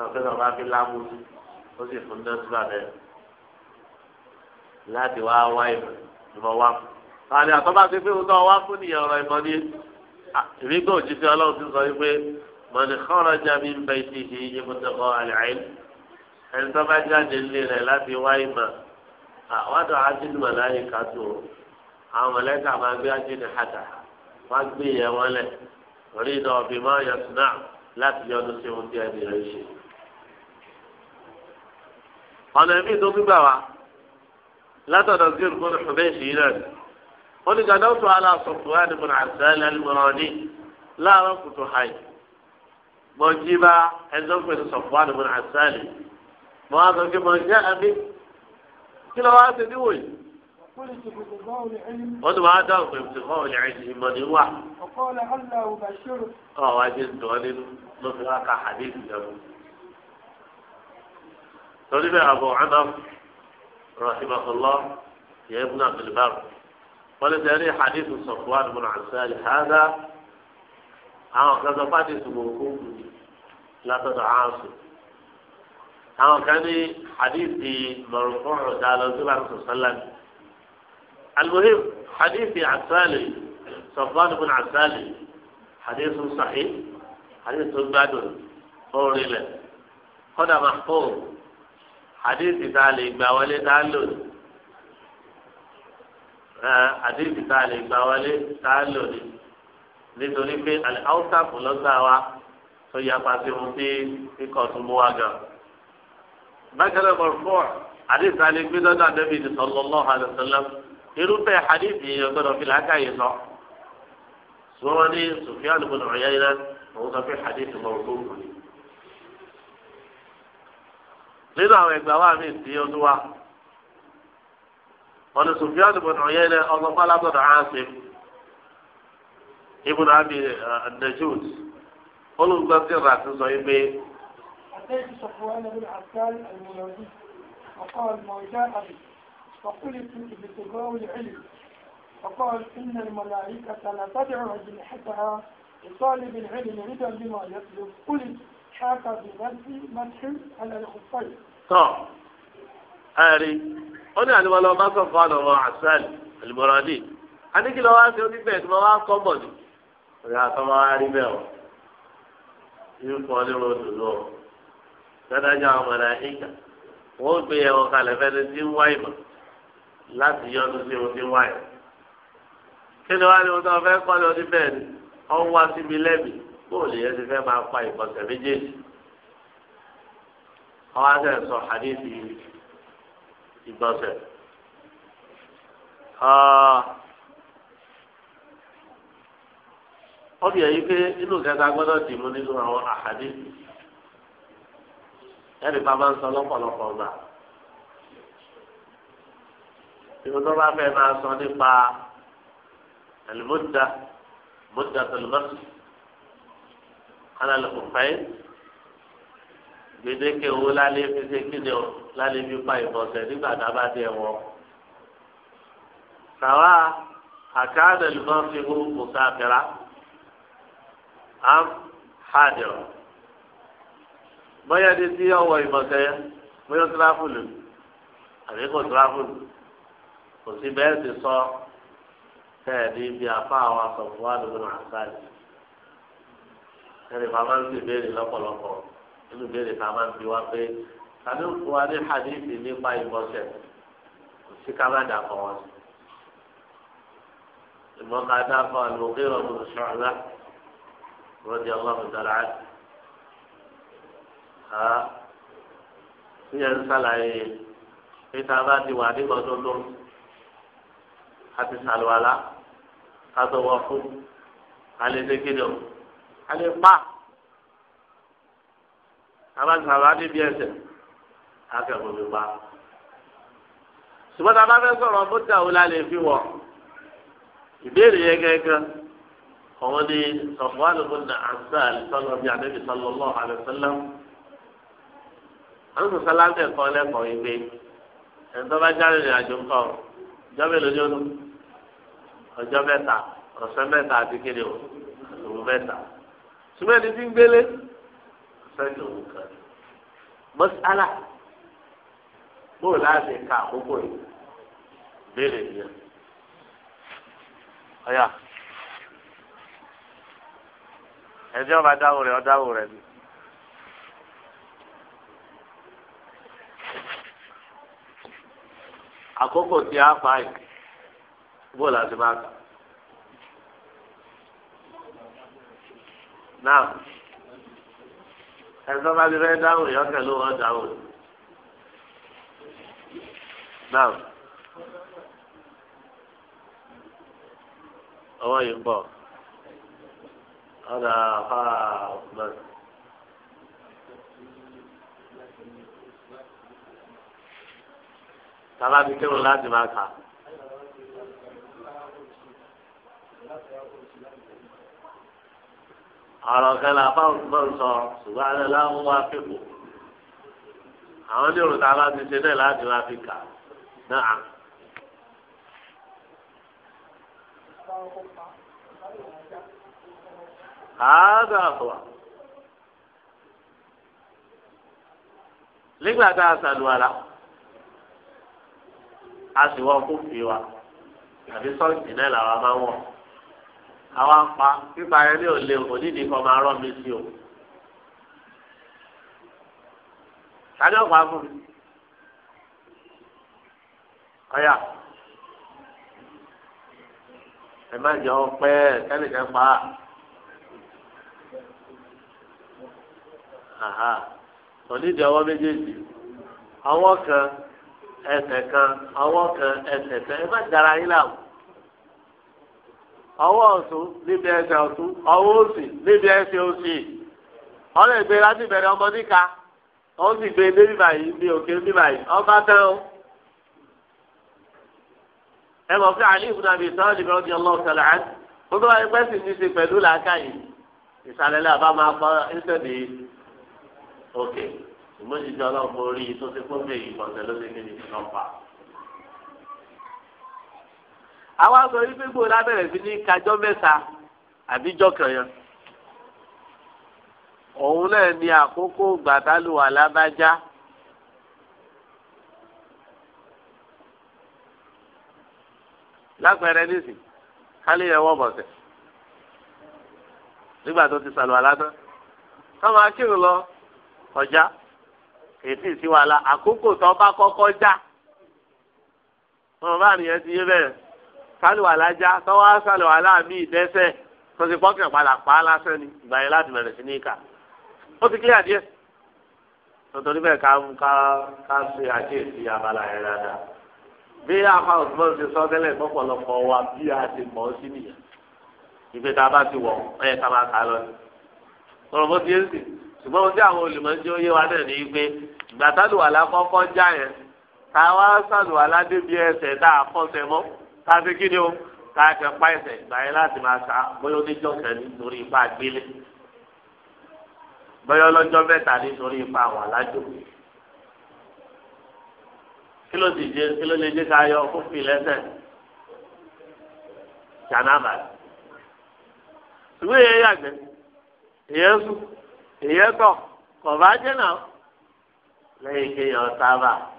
sọ̀rọ̀ náà máa fi lámú ó sì fún dọ́sílà bẹ́ẹ̀ láti wá wá ìmọ̀ ìmọ̀ wá fún. àlẹ́ àtọ́bá ti pé òótọ́ wá fún nìyẹn ọ̀rọ̀ ìmọ̀ ni èmi gbọ́ òjíṣẹ́ ọlọ́run ti sọ wípé mọ̀nì kọ́rọ̀ já mi ń bẹ ti ṣe iye mo tẹ̀kọ́ àlẹ́ ẹni tó bá jáde nílé rẹ̀ láti wá ìmọ̀ àwádọ̀ ájílù mọ̀láyé ká àwọn mọ̀lẹ́kà máa gbé ájílù hàtà wá gbé yẹn wọlé orí ìdọ̀ ọ̀bì máa yọ sùn náà láti yọ ọdún sí ohun tí ẹni rẹ̀ ṣe ọ̀nà ẹ̀mí tó gbígbà wá látọ̀dọ̀ sí ìrùkún ìfọ̀mẹ́sì yìí náà ó ní gàdá tó ala sọ̀tún wá ní mọ̀nà àtẹ́lẹ̀ ẹlẹ́mọ̀ràn ní láàárọ̀ kùtù hàì mọ̀jí bá ẹjọ́ pẹ̀lú sọ̀tún wá ní mọ̀nà àtẹ́lẹ̀ mọ̀ á sọ pé mọ̀jí àmì kí ló wá ṣe níwòyí wọ́n tún máa dáhùn pé ìtìkọ́ òní àìsí ìmọ̀ ní wà. ọ̀kọ́ ọ̀la ọ̀la ò bá ṣòro. ọ̀ torí bẹ́ẹ̀ Abu Amr rahimahullah yẹ ibùdó abdulbar wọ́n lè tẹ̀lé hadith Safwan ibn Asal hada àwọn kan sọ fáti sùgbọ́n kókù látọ̀dọ̀ àásù àwọn kan ní hadithi marfu' dàlọ́ síbà ń sọ sálẹ̀ almuhim hadithi Asal Safwan ibn Asal hadith sahih hadith tó gbádùn ó rí lẹ̀ kọ́dà mahfuz àdéhìsì tá a lè gbà wọlé tá a lò àdéhìsì tá a lè gbà wọlé tá a lò ní nítorí pé àlẹ́ haúsá kò lọ́gbà wa tó yapa sí ohun tí kíkọ́ tó mú wa gan. bákan náà mọ̀rọ̀fọ́ àdéhìsì tá a lè gbé dọ́dọ̀ àdébì ní sallallahu alaihi irúfẹ́ àdéhìsì yẹn gbọ́dọ̀ fi làákàyè sọ. sọ́wọ́n ní Sufyan ibn Uyayna òun sọ pé àdéhìsì mọ̀rọ̀fọ́ kò ní. nínú àwọn ẹgbẹ́ wa mi ti ọdún wa ọdún Sufyan ibn Uyayna ọgbọ́n pálábọ̀dọ̀ Asim ibn Abi eh, Najud olùgbàsí rà ti sọ yìí pé. أتيت صفوان بن عسال المنادي فقال ما جاء بي فقلت بتقاو العلم فقال إن الملائكة لا تدعو أجنحتها لطالب العلم رضا بما يطلب قلت حاك بنفي مسح على الخفين طب هاري قلنا على ولا ما قال الله عسال المرادي أنا كلا واسي ودي بيت ما واسي قمني يا سما هاري بيو يقول له دلو كذا جاء ملائكة wọ́n gbé yẹn wọn kalẹ̀ fẹ́ni tí ń wá ìmọ̀ láti yọ ọdún sí ohun tí ń wá ìmọ̀. kí ni wàá ní ohun tí wọ́n fẹ́ kọ́ ni ọdún bẹ́ẹ̀ ni ọ̀hún wá síbi lẹ́bi bóòlù yẹn ti fẹ́ máa pa ìkọsẹ̀ méjèèjì wọn á sẹ sọ hadithi ìgbọ̀nsẹ̀ wọ́n fi èyí pé inú kẹta gbọ́dọ̀ dì mú nínú àwọn àhadithi ẹnì bá máa ń sọ lọ́pọ̀lọpọ̀ gbà ìwọ́n bá fẹ́ máa sọ nípa àlùmọ́dà mọ́dà tó alálùkù fẹ́ẹ́ gbèdéke owó lálé fi ṣe kíni o lálé fi pa ìbọ̀sẹ̀ nígbà tá a bá dé wọn. sàwa àkáàdé lùmọ́ fi hu mùsàfẹ́ra am hàdìrò bóyá ní tí ọwọ́ ìbọ̀sẹ̀ bóyá tíráfùlù àbí kò tíráfùlù kò sí bẹ́ẹ̀ ti sọ tẹ́ẹ̀ ní ibi àfa àwọn asọ̀fún wa lórí àṣà yìí ẹnì kan máa ń sì béèrè lọ́pọ̀lọpọ̀ nínú béèrè kan máa ń fi wá pé tàbí òkú wa ní hadithi nípa ìmọ̀ọ́sẹ̀ kò sí ká má dàpọ̀ wọn sí. ìmọ̀ọ́ká dákọ̀ àlùkí ọ̀gbìn ṣọ̀lá rọ́dí ọlọ́run dára á. a níyẹn ń sàlàyé peter bá ti wà ní gbọdọdọ àti sàlùwàlá ká tó wọ fún alẹ́ dẹ́gídọ̀ a lè pa abasaba níbi ẹsẹ̀ akẹ́kọ̀ọ́ mi pa ṣùgbọ́n tá a bá fẹ́ sọ̀rọ̀ mọ́tà wo la lè fi wọ̀ ìbéèrè yẹn gẹ́gẹ́ àwọn ni sọ̀fọ́nù fún ní ansa àlùfáàlù bíi àdébí sọlọ́lọ́ àlùfáàlù àwọn sọ̀sọ́lá ń tẹ̀kọ́ lẹ́kọ̀ọ́ yìí pé ẹ̀ńtọ́ bá jáde ní àjò ńkọ́ ọjọ́ mélòó ni ó lò ọjọ́ mẹ́ta ọ̀sẹ̀ mẹ́ta àti kéde òru mẹ́ta sùgbọ́n ẹni tí ń gbélé sẹ́yìn òun kan mọ́sálà bóò láti ka àkókò yìí béèrè yẹn ọ̀yà ẹ̀jẹ̀ ọba dáhùn rẹ̀ ọ̀dáhùn rẹ̀ ni. àkókò tí a fa yìí bóò láti máa kà. náà ẹ̀sọ́ bá ti fẹ́ dáhùn ìyọ́kẹ́ ló wọ́n dáhùn náà ọwọ́ yìí ń bọ̀ ọ̀dà fáà ọ̀gbọ́n. tàbá ti kírun láti máa kà ọ̀rọ̀ kan là bá òṣùpọ̀ sọ ṣùgbọ́n alẹ́ láwọn wá fèkó àwọn ní òrùta láti ṣe náà láti wá fi kà náà. هذا هو nígbà tá a ṣàlùwàlà a sì wọ kófì wa àbí sọ́ọ̀tì náà làwọn máa ń wọ̀ àwọn apá pípa ẹ ní òlé onídìí kan máa rán mi sí o. Tani ọ̀pá fún mi? Ọ̀yà ẹ má jẹ́ ọpẹ́ ẹnìkan pa onídìí ọwọ́ méjèèjì ọwọ́ kan ẹsẹ̀ kan ọwọ́ kan ẹsẹ̀ kan ẹ má dára yín láàmú ọwọ́ ọ̀tún níbi ẹsẹ̀ ọ̀tún ọwọ́ òsì níbi ẹsẹ̀ òsì ọlọ́ ìgbé láti bẹ̀rẹ̀ ọmọ níka ó sì gbé débi báyìí bí òkè bí báyìí ọba tán o. ẹ mọ̀ fún Ali ibn Abi Talib radiyallahu ta'ala anhu ó tó wáyé pẹ́sì ní ṣe pẹ̀lú làákàyè ìsàlẹ̀ lẹ́ àbá máa pa ẹsẹ̀ ní òkè ìmọ̀jìjọ́ ọlọ́run orí tó àwọn aṣọ yìí gbégbó lábẹ́rẹ́ sí ní kájọ́ mẹ́ta àbíjọ́ kẹyàn òun náà ni àkókò gbàdálùwà lábájá. lápẹẹrẹ nísì kálí yẹn wọ́n bọ̀sẹ̀ nígbà tó ti sàlùwà lásán tọ́mọ akírun lọ ọjà èsì ìsíwàlà àkókò tó bá kọ́kọ́ já wọn bá nìyẹn ti yé bẹ́ẹ̀ sálùwàlá já tọ́wọ́ sálùwàlá mi dẹ́sẹ̀ tọ́sí pọ́kì padà pa á lásán ni ìgbà yẹn láti bẹ̀rẹ̀ sí ní ìkà ó ti kílíà díẹ̀ tọ́tọ́rí bẹ́ẹ̀ ká ká ká ṣe àkíyèsí abala yẹn dáadáa bí afa osmond ti sọ tẹ́lẹ̀ gbọ́pọ̀lọpọ̀ wa bí a ti mọ̀ ọ́ sí nìyẹn ìgbé tá bá ti wọ̀ ọ́ ká máa kà á lọ ni sọ̀rọ̀ bó ti ń sìn ṣùgbọ́n ohun tí àwọn olùmọ̀jọ́ yé wa náà ní í pé ìgbà sálùwàlá kọ́kọ́ já yẹn táwa sálùwàlá débi ẹsẹ̀ tá a fọ́ sẹ́mọ́ káfí kí ni o káfí ọ̀pá ẹsẹ̀ ìgbà yẹn láti máa sá bóyá oníjọ́ kẹ́ni torí ipá gbélé bóyá ọlọ́jọ́ mẹ́ta nítorí ipá wà lájò kí ló sì jẹ kí ló lè jẹ ká yọ fún fìlẹ́sẹ̀ jàǹdàbà ìwé yẹn yàgbẹ́ èyẹ sùn èyẹ tọ̀ kọ̀ bá jẹ́ náà lẹ́yìn kéèyàn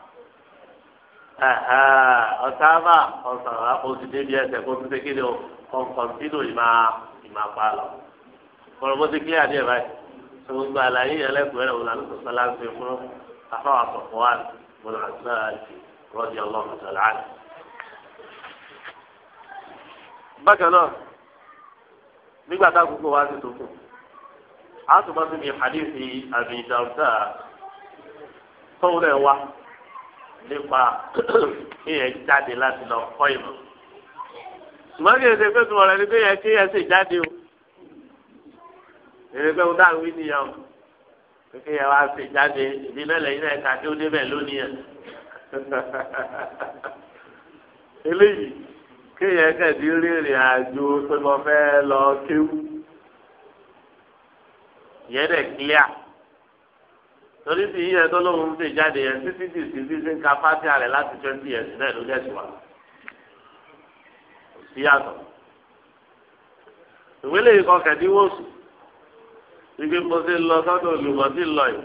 ọ̀sáàmà ọ̀sàrà oṣù débi ẹsẹ̀ kó tún ṣe kí ni o kọ̀ǹkọ̀ǹtínú ìmà ìmà pa lọ. kọ̀rọ̀ bó ti kí àdé ẹ̀ báyìí tó gbogbo àlàyé yẹn lẹ́kùnrin rẹ̀ wò lálẹ́ tó sọ́lá ń ṣe fún afáwà sọ̀kọ̀ wà lọ́nà àtúnṣe àti rọ́ọ̀dì ọlọ́run sọ̀lá àná. bákan náà nígbà táàkùkù wa ti nípa kíyẹn jáde láti lọ kọ́ ìmọ̀ ṣùgbọ́n kí ẹsẹ̀ pé tùmọ̀ rẹ ni pé yẹ kí ẹsẹ̀ jáde o èrè pé wọ́n wí nìyẹn o kí yẹ wá ṣe jáde ìdí mẹ́lẹ̀ yìí náà ẹ̀ka tí débẹ̀ lónìí yẹn eléyìí kí kẹ̀dí rìnrìn àjò pé mo fẹ́ lọ kéwú yẹn clear torí ti yíyẹ tó lóun ń tè jáde yẹn títí di ìsìnkú sí ń ka fásíà rẹ láti twenty years náà ló dẹ̀sí wa kò sí yàtọ̀ ìwé lèyí kan kẹ̀dínwó sùn ibi mo ti lọ sọ́dọ̀ olùmọ̀ ti lọ yìí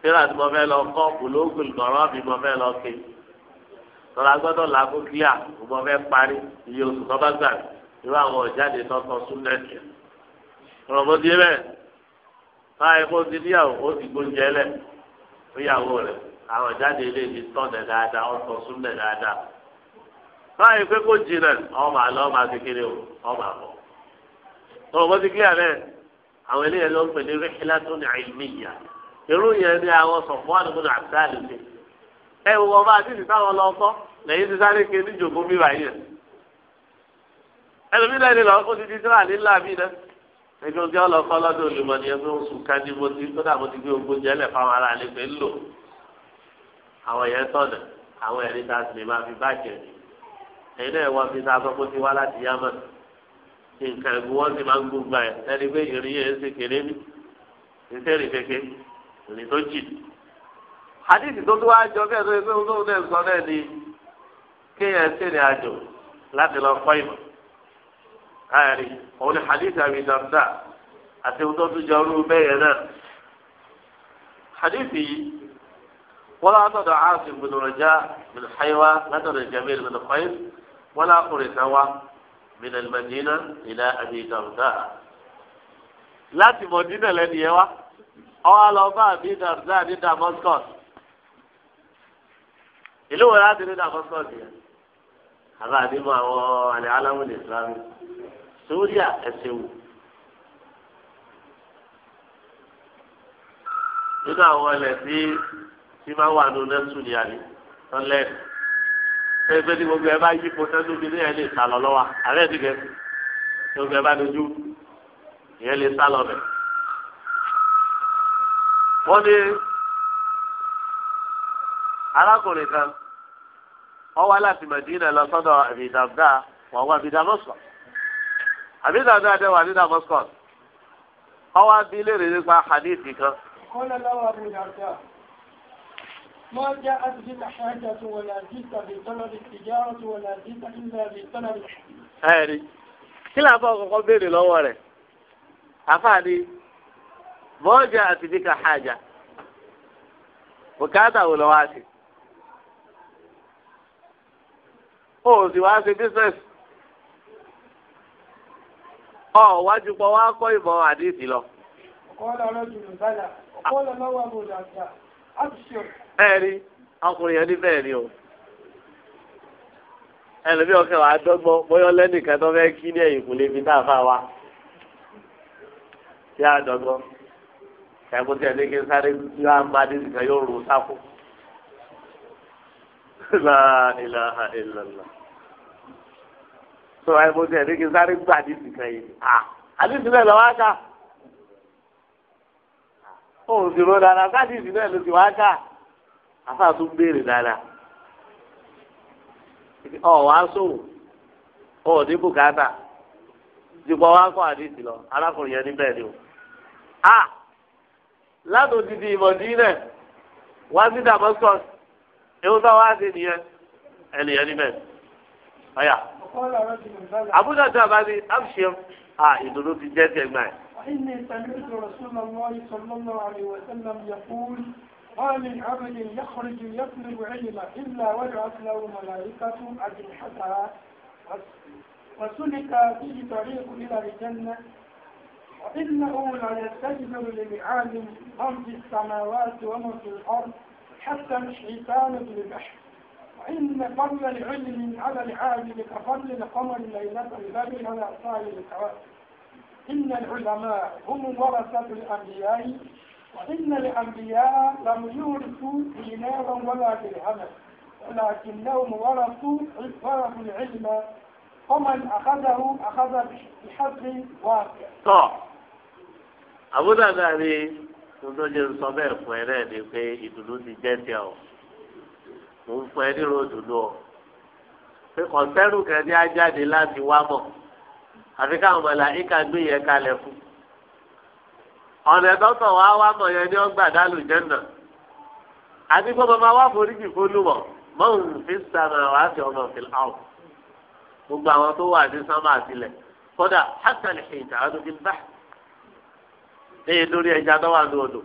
tíra tí mo fẹ́ lọ kọ́ kùlókùlù kọ̀ọ̀rọ̀ mi mo fẹ́ lọ ké tọ́lá gbọ́dọ̀ làákó kíá mo fẹ́ parí iye oṣù tó bá gbà irú àwọn ọ̀jáde tó súnlẹ̀ kì í bẹ́ẹ̀. báyìí kó ti níyàwó ó ti gbóúnjẹ lẹ̀ fúyàwó rẹ̀ àwọn ìjáde ilé ti tọ̀nà dáadáa ọ̀tọ̀ súnmẹ̀ dáadáa báyìí pé kó jìnnà ọmọ àlọ́ ọmọ akékeré o ọmọ àbọ̀ ti kílíà àwọn ló ń pè ní tó ní àìmíyà irú yẹn ni àwọn àdúgbò ẹ ọba àti ìsìtáwọn lọ lẹ́yìn ti sáré níjòkó mi báyìí ni ti di mi náà. ẹgbẹ́ ojú ọlọ́kọ́ lọ́dọ̀ olùmọ̀ ni ẹgbẹ́ oṣù kájí mo ti kódà mo ti gbé ogun jẹ́lẹ̀ fáwọn ará ilé pé ńlò àwọn yẹn tọ̀nà àwọn ẹ̀rí ta sì máa fi bàjẹ́ ẹ̀yin náà wọ́n fi sáfọ́ kó ti wá láti yámọ̀ nǹkan ẹ̀gbọ́n wọn sì máa ń gbógbá ẹ̀ ẹni pé ìrìn yẹn ṣe kéré ní ìṣẹ́rì kéke ìrìn tó jì àdìsí tó tó wá jọ bẹ́ẹ̀ tó ẹgbẹ́ oṣù náà sọ náà ni kéèyàn ṣèrìn àjò láti lọ kọ́ ìmọ̀ ààrin òun ni hadith àbí dàmdà àti ohun tó tún jẹ orú bẹ́ẹ̀ yẹn náà. hadith yìí wọ́n lọ́wọ́ tọ̀dọ̀ aasi gbẹdọ̀rọ̀já gbẹdọ̀xẹ́wá látọ̀dọ̀ jamil gbẹdọ̀xẹ́yìn wọ́n lọ́wọ́ kùrì sáwá gbẹdọ̀lmẹdìínà ìlà àbí dàmdà. láti mọ̀dínà lẹ́nu yẹn wá ọwọ́ lọ bá àbí dàmdà ní damascus ìlú wo láti ní damascus yẹn àbá àdìmọ̀ àwọn àlẹ́ alámúlẹ̀ islámi sóríà ẹsẹ̀ wò. nínú àwọn ọlẹ tí tí máa wà nínú nẹ́sùn ní àlè lọ́lẹ́ pẹ́ẹ́pẹ́ tí gbogbo ẹ bá yí pọ́tẹ́tù bí ní ẹ lè sá lọ lọ́wọ́ àárẹ̀ ti gẹ̀ gbogbo ẹ bá dojú ìyẹn lè sá lọ bẹ̀. wọ́n ní arákùnrin kan wọ́n wá láti Mẹ̀dínà lọ sọ́dọ̀ Àbí Dàbdà wọ́n wá Àbí Dàmọ́sọ̀ àbí dàdú adé wà ní damascus ọwọ́ abí léèrè nípa hadithi kan. kọ́lá lọ́wọ́ abu dàdá ما جاءت بك حاجة ولا جئت بطلب التجارة ولا جئت إلا بطلب ẹ̀rí kí ló àbá ọkọ̀ọ̀kan béèrè lọ́wọ́ rẹ̀ àfáàní mọ́jà àti bíkà hajà bùkátà wò lọ́wọ́ àti. ó sì wá ṣe bísíǹsì ọ wájú pọ wá kọ ìbọn àdìsí lọ. ẹ̀rí ọkùnrin yẹn ní bẹ́ẹ̀ o ẹlòmí ọkẹ wa dọgbọ, bóyá lẹ́nìkan tó kí ní ẹ̀yìn kò lè fi dá àfa tí a tí sáré tí wàá kan yóò rò sáfù. tó wáyé mo tẹ̀ ní kí n sáré gbà àdìsí kan yìí à àdìsí náà lọ́wọ́ ká òun sì rọ dáadáa sádìsí náà ló ti wá ká àfa tún béèrè dáadáa ọ̀ wá sóhùn ọ̀ ní bùkátà jùpọ̀ wá kọ́ àdìsí lọ arákùnrin yẹn níbẹ̀ ni o à látò didi ìmọ̀dí náà wá sí dàmọ́sọ̀ ewu tó wá nìyẹn ẹnìyẹn níbẹ̀ ọ̀yà. وقال رجل بلى أبو à ìdùnnú ti jẹ́ tiẹ̀ gbà yẹn. وإني سمعت رسول الله صلى الله عليه وسلم يقول ما من عمل يخرج يطلب علما إلا وجعت له ملائكة أجنحتها وسلك به طريق إلى الجنة وإنه لا يستجبر لمعالم من في السماوات ومن في الأرض حتى الشيطان في البحر إن فضل العلم على العالم كفضل القمر ليلة البدر على سائر إن العلماء هم ورثة الأنبياء وإن الأنبياء لم يورثوا دينارا ولا درهما ولكنهم ورثوا ورثوا العلم فمن أخذه أخذ بحظ واقع. طبعا أبو دعاني mo tó jẹ́ sọ bẹ́ẹ̀ fún ẹ mò ń ẹ nírò dùnú ọ pé kan ní ajáde láti wá mọ̀ àfi káwọn màláíkà gbé yẹn kalẹ̀ fún ọ̀nà ẹ̀dọ́tọ̀ wa wá mọ̀ yẹn ní ọgbà dálù jẹ́nà àti mọ́hùn fi sàmà wá sí ọmọ fìlà ọ̀ gbogbo àwọn tó wà ní sánmà kódà hàtàlì ìjà bá lórí ẹja tó wà ní odò.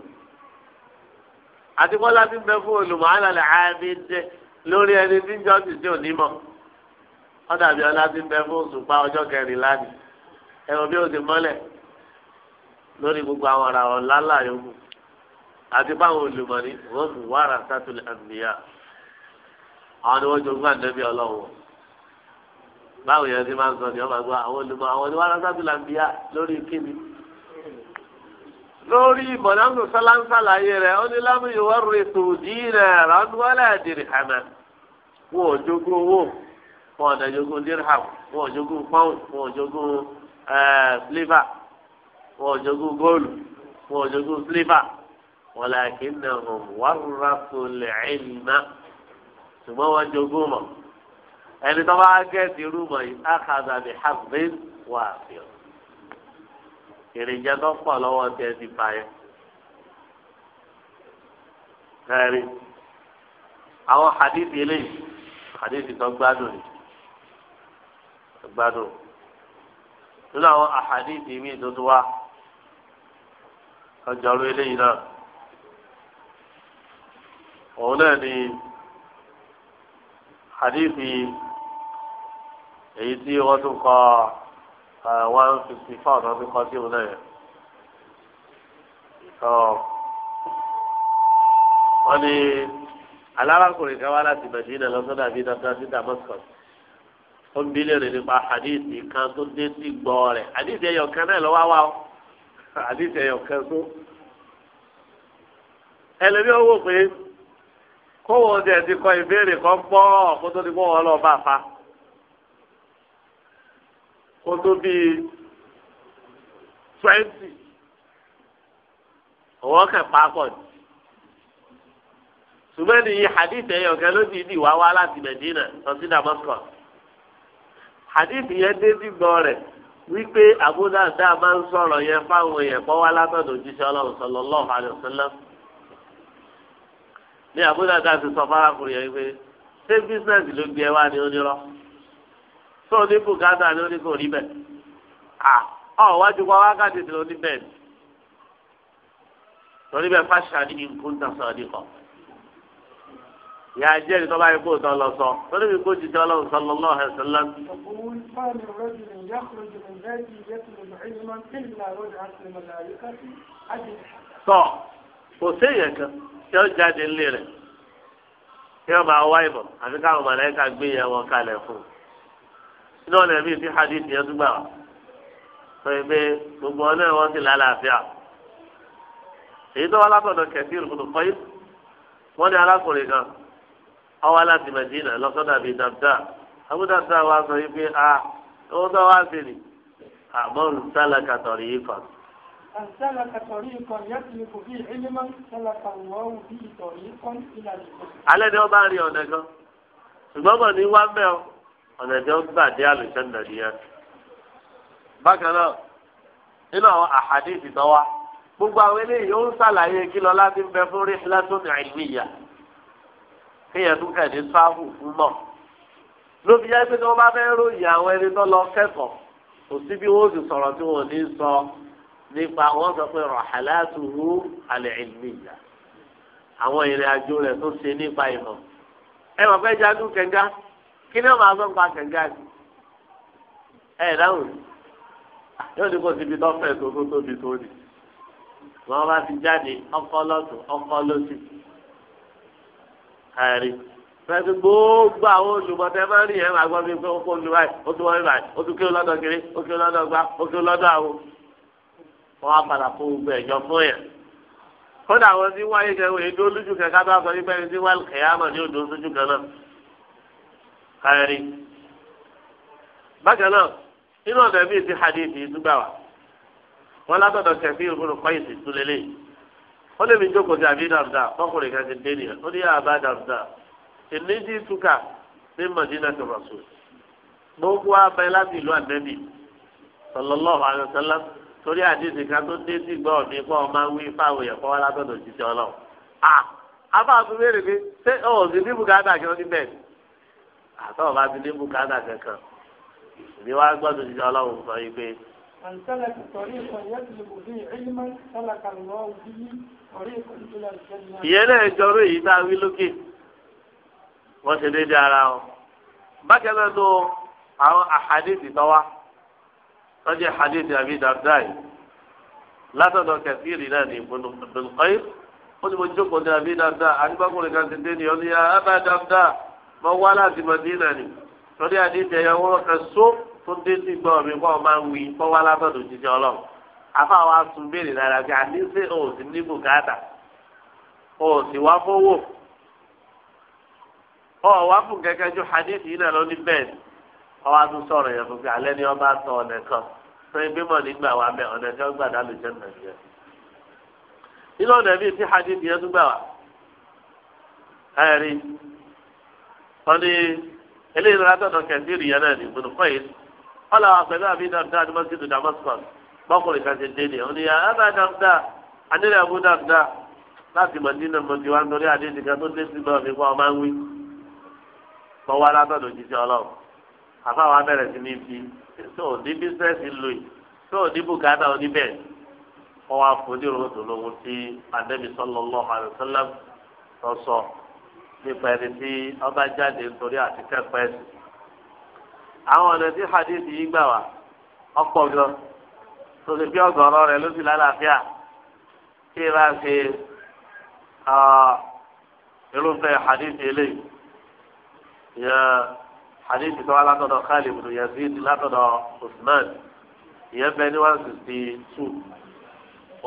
àti bọ́lá ti ń bẹ fún olùmọ̀ alàlẹ́ àbídẹ́ lórí ẹni tí ń jọ́sìn tí ò ní mọ̀ wọ́n dàbí ọlá ti ń bẹ fún òṣùpá ọjọ́ kẹrìnlá ni ẹ̀rọ bí ó ti mọ́lẹ̀ lórí gbogbo àwọn ara wọn lálà yòókù àti báwọn olùmọ̀ ni wọ́n mú wàrà sátúlẹ̀ àmìyá àwọn ni wọ́n jogún àdébí ọlọ́wọ́ báwo yẹn ti máa ń sọ ni wọ́n lórí mọ̀nàmù sálánsálàyé rẹ̀ ó ní lámìyí wọ́n rí tòdí rẹ̀ ránúwálẹ̀ dìrìhàmà wọn ò jogún owó wọn ò dàjogún dìrìhàm wọn ò jogún pọ́ùn wọn ò jogún sílífà wọn ò jogún góòlù wọn ò jogún sílífà wọn làákì náà wọn wá rásùlẹ̀ ẹ̀yìnmá ṣùgbọ́n wọn jogún mọ̀ ẹni tó bá gẹ̀ẹ́sì rúmọ̀ yìí á kàdà bí hàbí wà á èròjà tó pọ̀ lọ́wọ́ tẹ ti bá yẹn. Kẹrin àwọn hadith eléyìí hadith tó gbádùn ni tó gbádùn nínú àwọn ahadith mi tó tó wá ọjọ́rú eléyìí náà òun náà ni hadith èyí tí wọ́n tún kọ́ ọ one fifty four náà fi kọ́ sí òun náà yẹn. wọ́n ní alárakùnrin kan wá láti Medina lọ́sọ́dọ̀ àbí dandan sí Damascus ó ń bí léèrè nípa hadithi kan tó dé sí gbọ́ rẹ̀ hadithi ẹ̀yọ̀ kan náà lọ́wọ́ wa o hadithi ẹ̀yọ̀ kan tó ẹlẹ́ni owó pé kówó ọdẹ ti kọ ìbéèrè kan pọ̀ kó tó ti kó wọn lọ bá a fa ó tó bíi twenty òwò kẹpàá pọ̀ jù ní hadith ẹ̀yọ̀ kan ló ti di wá wá láti Medina lọ sí Damascus hadith yẹn dé gbígbọ́ rẹ̀ wípé àbúdàdà máa ń sọ̀rọ̀ yẹn fáwọn èèyàn kọ́ wá látọ̀dọ̀ òjíṣẹ́ ọlọ́run sallallahu alaihi wasallam ní àbúdàdà ti sọ fárakùnrin yẹn pé ṣé bísíǹsì ló gbé ẹ wá ní onírọ́ tó ní bùkátà ní kò rí bẹ́ẹ̀ wájú wa wákàtí ti ló ní bẹ́ẹ̀ fáṣà ní nǹkan tó sọ ní kọ́ ìyá ajé ni tọ́ba ikú tó lọ sọ torí mi kó jíjẹ́ ọlọ́run sọlọ lọ́wọ́ ẹ̀ sọlá. tọ́ kò séèyàn kan tí ó jáde ńlẹ̀ rẹ̀ tí ó máa wá ìbọn àti káwọn mọ̀lẹ́ka gbé yẹn wọn kalẹ̀ fún un inú ọ̀nà mi ti hadith yẹn tó gbà wá sọ pé gbogbo ọ̀nà wọn ti lálàáfíà èyí tó wá látọ̀dọ̀ kẹ̀sí ìrùkùtù kọ́yí wọ́n ní alákùnrin kan ọwọ́ láti Mẹdínà lọ́sọ́dà bíi dàbdà abúdàbdà wa sọ pé a ah, owó tó wá sí ni àmọ́ ń sálà kàtọ̀rì yìí kan. alẹ́ ni wọ́n bá rí ọ̀nà kan ṣùgbọ́n mọ̀ ní wá mẹ́ ọ̀nà tí wọ́n gbà dé àlùjánnà nìyẹn. bákan náà nínú àwọn àhàdí ìtìtọ́wá gbogbo àwọn eléyìí ó ń ṣàlàyé kí lọ láti ń bẹ fún rí látòmí àìníyà kéèyàn tún kẹ̀ ní sáfù fún mọ̀ lóbi yá pé tí wọ́n bá fẹ́ ròyìn àwọn ẹni tó lọ kẹ́kọ̀ọ́ kò sí bí wọ́n ó sọ̀rọ̀ tí wọ́n ní sọ nípa wọ́n sọ pé rọ̀hálàtúhù alẹ́ àwọn ìrìn àjò rẹ̀ tó ṣe nípa ìmọ̀ ẹ mọ̀ fẹ́ jágún kẹjá kí ni ọmọ agbọ́n pa kẹ̀kẹ́ àti ẹ̀ dáhùn yóò ní kó síbi tó fẹ̀ tó tó tóbi tó ni wọn bá ti jáde ọkọ lọ́tún ọkọ lọ́sì ẹ̀rí fẹ́ẹ́ gbogbo àwọn olùmọ̀tẹ́ máa ń rìn yẹn máa gbọ́ bí pé kó lu báyìí ó tún wọ́n rí báyìí ó tún kí ó lọ́dọ̀ kiri ó kí ó lọ́dọ̀ gbá ó kí ó lọ́dọ̀ àwọn wọn á padà fún gbogbo ẹ̀jọ́ fún yẹn kódà wọn ti wáyé kẹwé èdè olójú kẹkẹ bá sọ wípé ẹni kẹyàmọ ní odò sójú kan náà. káyọ̀rí. bákan náà nínú ọ̀dọ̀ bíi ti hadith yìí dúgbà wá wọn látọ̀dọ̀ kẹfí ìfúnnu kọ́ ìsì túlélẹ̀ ó lè mi jókòó sí àbí dàrúdà ọkùnrin kan ti dé nìyẹn ó ní àbá dàrúdà ìníjì túkà ní mọ̀dínà tó gbogbo abẹ láti ìlú àdẹ́bì sallallahu alaihi wasallam torí àdéhùn kan tó dé sí gbọ́ mi kọ́ ọ wí fáwọn kọ́ wá jíjẹ àtúnbẹ̀rẹ̀ ṣé àtọ́wọ́ bá ti ní bùkátà kankan ìdí wa gbọ́dọ̀ ti di ọlọ́run sọ yìí pé. àǹtálẹ̀ kìtọ́rí ìkan yẹn ti lè kò dé ẹ̀yìnmá sálà kàlọ́ òbí ọ̀rẹ́ ìkan tó lọ sí ẹ̀yìn náà. ìyẹn náà jọrọ èyí tá a wí lókè wọ́n ṣe déédéé ara wọn. bákan náà tó àwọn àhàdìsì tọ́wá tọ́jú àhàdìsì àbí dàbdáì látọ̀dọ̀ kẹfìrì náà ní ìbùnú ó ní mo jókòó ní àbí dàbdáì àdìbákùnrin kan ti dé ní ọ mọ wá láti Mọdínà ni lórí àdéhùn ẹyọ wọn kan só tó dé sí gbọ́ mi kọ́ máa ń wí kọ́ wá látọ̀dọ̀ ọlọ́run afa wa tún béèrè dára àdéhùn ò sí ní bùkátà ò sì ọ wá fún ju hadith yìí náà ọ wá tún sọ̀rọ̀ yẹn fún alẹ́ ni ọba ọ̀nà kan mọ̀ nígbà wa mẹ́ ọ̀nà kan gbà dálò jẹ́ nàìjíríà nínú ọ̀nà bíi wọ́n ní eléyìí lọ́la tọ̀dọ̀ kẹ̀síìrì yẹn náà ní ìbùdó fẹ́yìn wọ́n làwọn pẹ̀lú àbí dàmdà ní mọ́sídù Damascus bọ́kùnrin kan ti dé ní wọ́n ní àbá dàmdà anílẹ̀ àbú dàmdà láti Mọ̀dínà mọ̀tì wa nítorí àdéhùn kan tó dé sí lọ́ọ̀ mi kọ́ ọ máa ń wí kọ́ wá látọ̀dọ̀ jíjẹ́ ọlọ́run àfa wa bẹ̀rẹ̀ sí ní fi tó o ní bísíǹsì lóye tó o ní bùkátà o ní bẹ́ẹ̀ wọ́n wá fún onírúurú tó lówó tí nípa ẹni tí ọba jáde nítorí àti kẹ́kọ̀ọ́ ẹ̀sìn. àwọn ọ̀nà tí hadith yìí gbà wá ọ̀pọ̀ gan tó ti fi ọ̀gọ̀rọ̀ rẹ̀ ló sì lálàáfíà kí ẹ bá ṣe irúfẹ́ hadith eléyìí yẹ hadith tó wá látọ̀dọ̀ Khalid ibn Yazid látọ̀dọ̀ Usman ìyẹn bẹ ní one sixty two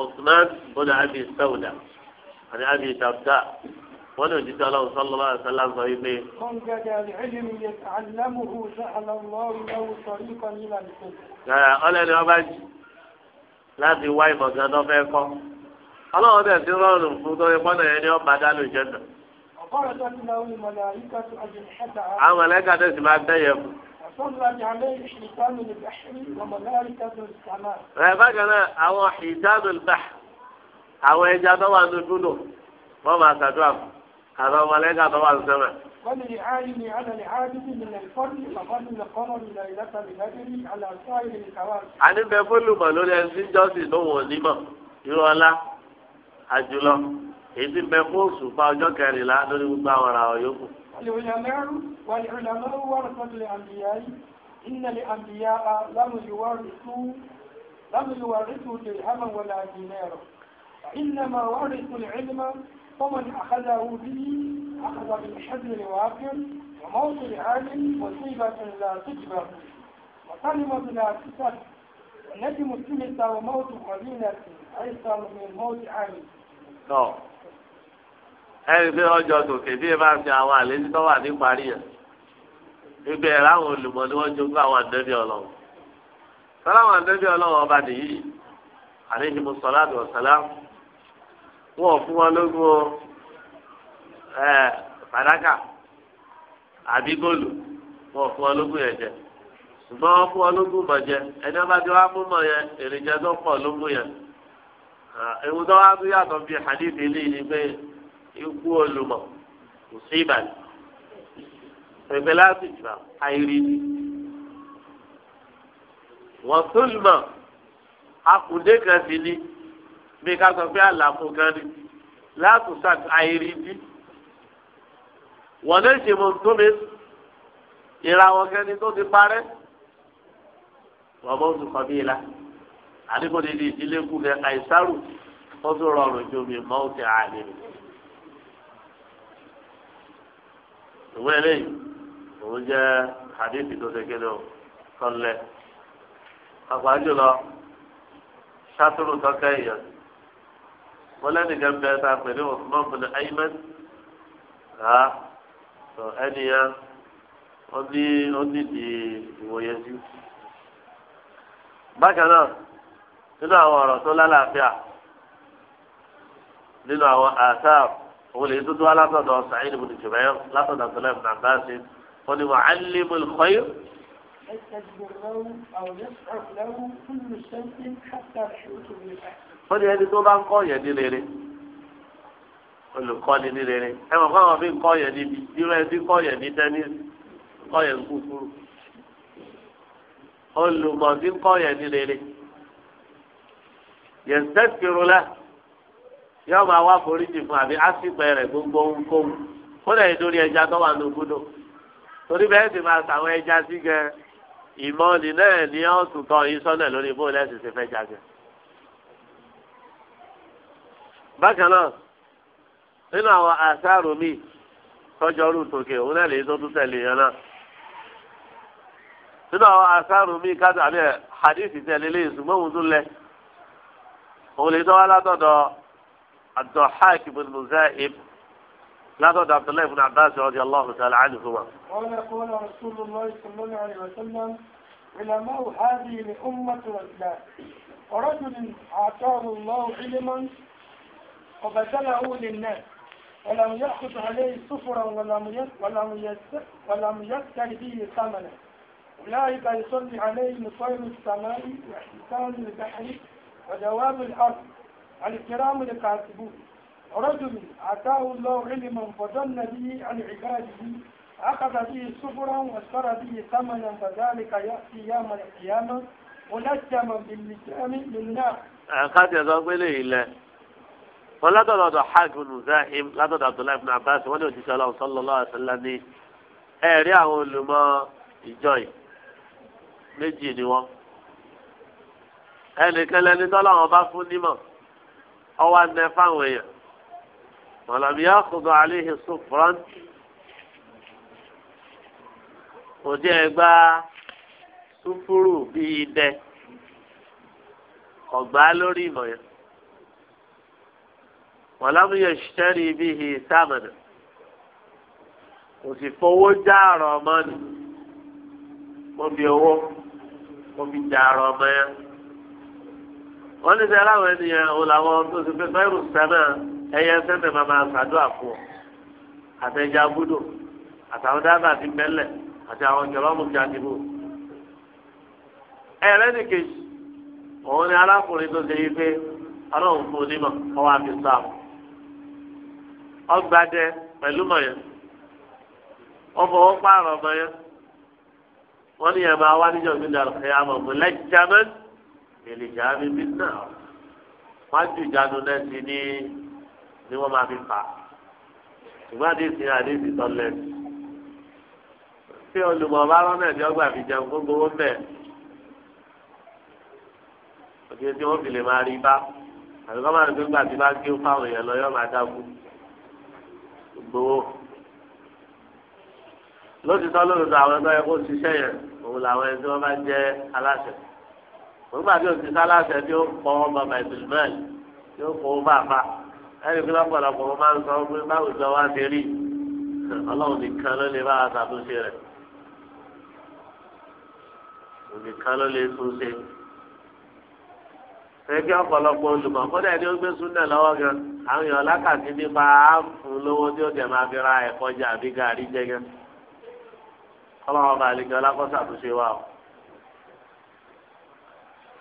Usman ibn Abi Sawda àti Abi Darda wọ́n lè jíjẹ́ ọlọ́run sọ́lọ́lá àṣálà sọ wípé. ọlẹ́ni ọba jì láti wá ìmọ̀gán tó fẹ́ kọ́. ọlọ́run bẹ̀ sí rọrùn fún tó ipọ́n náà ẹni ọba dálò jẹ́nà. àwọn mọ̀lẹ́kà tó sì máa bẹ́yẹ fún. ẹ̀ bákan náà àwọn ìdánù bá àwọn ẹja tó wà nínú dúró wọ́n máa ṣàdúrà fún àti ọmọ lẹ́gà tó wà ní sẹ́mẹ̀. wọ́n lè ààyè ní alẹ́ ààbí ní ẹ̀fọ́dì bàbáni lẹ́kọ́nà ìlà ìlàta ìlàdírí àlàáfíà ìlẹ̀ kàwá. a ní bẹ fólùmọ̀ lórí ẹni jọ́sìn ló wọ̀ nímọ̀ irọ́ ọlá àjùlọ èyí ti bẹ fún oṣù pa ọjọ́ kẹrìnlá lórí gbogbo àwọn ará ọ̀ yòókù. wàlẹ̀ ìrìnàmọ́ wà فمن أخذه به أخذ بالحبل الوافر وموت العالم وصيبة لا تجبر وكلمة لا تسد ونجم السمت وموت قبيلة أيسر من موت عالم. ẹni pé ọjọ́ tòkè bí ẹ bá fi àwọn àlejò tó wà níparí ẹ̀ ibẹ̀ ẹ̀ láwọn olùmọ̀ ni wọ́n jogún àwọn àdẹ́bí ọlọ́run sọláwọn àdẹ́bí ọlọ́run ọba nìyí àlejò mùsọ̀lá wọn ò fún wọn lógún fàdákà àbí góòlù wọn ò fún wọn lógún yẹn jẹ ṣùgbọ́n wọn fún wọn lógún mọ̀ jẹ ẹni wọn bá bí ká sọ pé àlàfo gan ni látùsà àìrí bí wọ́n lè ṣe mọ̀ tó mi ìràwọ̀ gan tó ti parẹ́ wọ́n bọ́ tó kọ́ bí la àdìgbò ní di ìdílé kù ní àìsàrù ó tún rọrùn ju mi mọ́ òkè àlè mi. ìwé eléyìí òun jẹ́ hadithi tó ṣe kéde o kọ́lẹ̀ àgbájọ lọ ṣàtúrò tọ́kẹ́ ìyọ̀sí wọn lẹ́nu kan bẹ́ẹ̀ tá a pè ní Osman bin Ayman ha tó ẹni ya ó ní ó ní di ìwòyẹsí. bákan náà nínú àwọn ọ̀rọ̀ tó lálàáfíà nínú àwọn àṣàb òun lè dúdú alátọ̀dọ̀ Sa'id ibn Jubayr látọ̀dọ̀ tó lẹ́nu nàbá sí wọn ni mu'allimul khayr. يستجبره أو يسعف له كل شيء حتى الحوت بالأحسن ó ní ẹni tó bá ń kọ́ yẹn ní rere olùkọ́ni ní rere ẹ mọ̀ fáwọn fi ń kọ́ yẹn níbi irú ẹni tí kọ́ yẹn ní tẹ́nísì kọ́ yẹn kúkúrú olùmọ̀ tí ń kọ́ yẹn ní rere yẹn sẹ́kìrù la yóò máa wá foríjì fún àbí ásìpẹ́ rẹ̀ gbogbo ohunkóhun kó lè dórí ẹja tó wà ní ogúndò torí bẹ́ẹ̀ sì máa sàwọn ẹja sí gẹ ìmọ̀ nínú ẹ̀ ní ọ̀sùn kan yìí lórí bóyá ẹ̀sìn ṣe fẹ́ jáde. bákan náà nínú àwọn àṣàrò mi tọjọ rú tòkè òun náà lè tó tún tẹ̀lé yẹn náà nínú àwọn àṣàrò mi kájọ àbí hadith tẹ̀lé lè ṣùgbọ́n òun tún lẹ òun lè tọ́wọ́ látọ̀dọ̀ Ad-Dahhak ibn Muzahib látọ̀dọ̀ Abdullahi ibn Abbas radiyallahu ta'ala anhuma. qala qala Rasulullah sallallahu alayhi wa sallam علماء هذه الأمة والإسلام ورجل أعطاه الله علما وبذله للناس ولم يأخذ عليه سفرا ولم ولم ولم يسكن به ثمنا أولئك يصلي عليهم طير السماء واحتسان البحر ودواب الأرض الكرام الكاتبون رجل أتاه الله علما فضل به عن عباده أخذ به سفرا واشترى به ثمنا فذلك يأتي يوم القيامة ملجما باللجام من نار wọn látọ̀dọ̀ ọ̀dọ̀ hajj nuzahim látọ̀dọ̀ abdullahi ibn abbas wọn ní òjíṣẹ́ ọlọ́run sallallahu alaihi wasallam ní ẹ̀rí àwọn olùmọ̀ ìjọ yìí méjì ni wọ́n ẹnìkan lẹni tọ́lọ́run bá fún nímọ̀ ọwọ́ anẹ fáwọn èèyàn mọ̀lọ́bíyá kọ̀dọ̀ àléhì sùfúrán òdi ẹ̀gbá sùfúrù bíi dẹ ọ̀gbá lórí ìmọ̀ yẹn wàlámù yẹn ṣẹ́rí bíi sáàmùnà kò sì fowó já àrọ̀ ọmọ nù mo fi owó mo fi já àrọ̀ ọmọ yẹn wọ́n ní sẹ́ láwọn ènìyàn òun làwọn tó ti fi fẹ́rù sẹ́mẹ̀ ẹyẹ sẹ́mẹ̀ máa máa ṣàdúrà fún ọ àtẹ̀jẹ́ abúdò àtàwọn dábàá ti mẹ́lẹ̀ àti àwọn ìjọlọ́mù ti àdìbò. ẹ̀rẹ́ ní kejì òun ni alákùnrin tó ṣe yí pé ọlọ́run fún un nímọ̀ ọwọ́ àfi sáà ọgbadẹ pẹ̀lú mọ yẹn ọfọwọ pààrọ̀ mọ yẹn wọn ní yẹn máa wá níjọ mi dàrú ẹ àmọ́ pé lẹjàmẹ èlìjà mi bí náà wọn ìjánu náà sí ní ni wọn máa fi fà ṣùgbọ́n àdéhùn àdéhùn tó lẹ tí olùmọ̀ọ́bá rán náà ní ọgbà fi jẹun gbogbo wọn bẹ̀ òkè tí wọn fi lè máa rí bá àbíkọ́ máa ń gbé gbàgbé bá gé fáwọn èèyàn lọ yọ máa dákú gbowó lótìtọ́ lóòótọ́ àwọn ẹgbẹ́ kó ṣiṣẹ́ yẹn òun làwọn ẹni tí wọ́n bá jẹ́ aláṣẹ nígbà tí òṣìṣẹ́ aláṣẹ tí ó kọ́ ọmọ bàìbìlmẹ́l tí ó kọ́ ọmọ àfa ẹni tí wọ́n pọ̀lọpọ̀ wọn máa ń sọ pé báwo ìjọ wa ti rí ọlọ́run nìkan ló lè bá wa ṣàtúnṣe rẹ̀ nìkan ló lè túnṣe ẹbí ọ̀pọ̀lọpọ̀ olùmọ̀ kódà ẹni ó gbé súnà lọ́wọ́ gan àwọn èèyàn lákàtí nípa ààfún lówó tí ó dẹ̀ máa fi ra ẹ̀kọ́ jà àbí gàrí jẹ gan. ọlọ́wọ́ bá lè gan lákọ́sà tó ṣe wà o.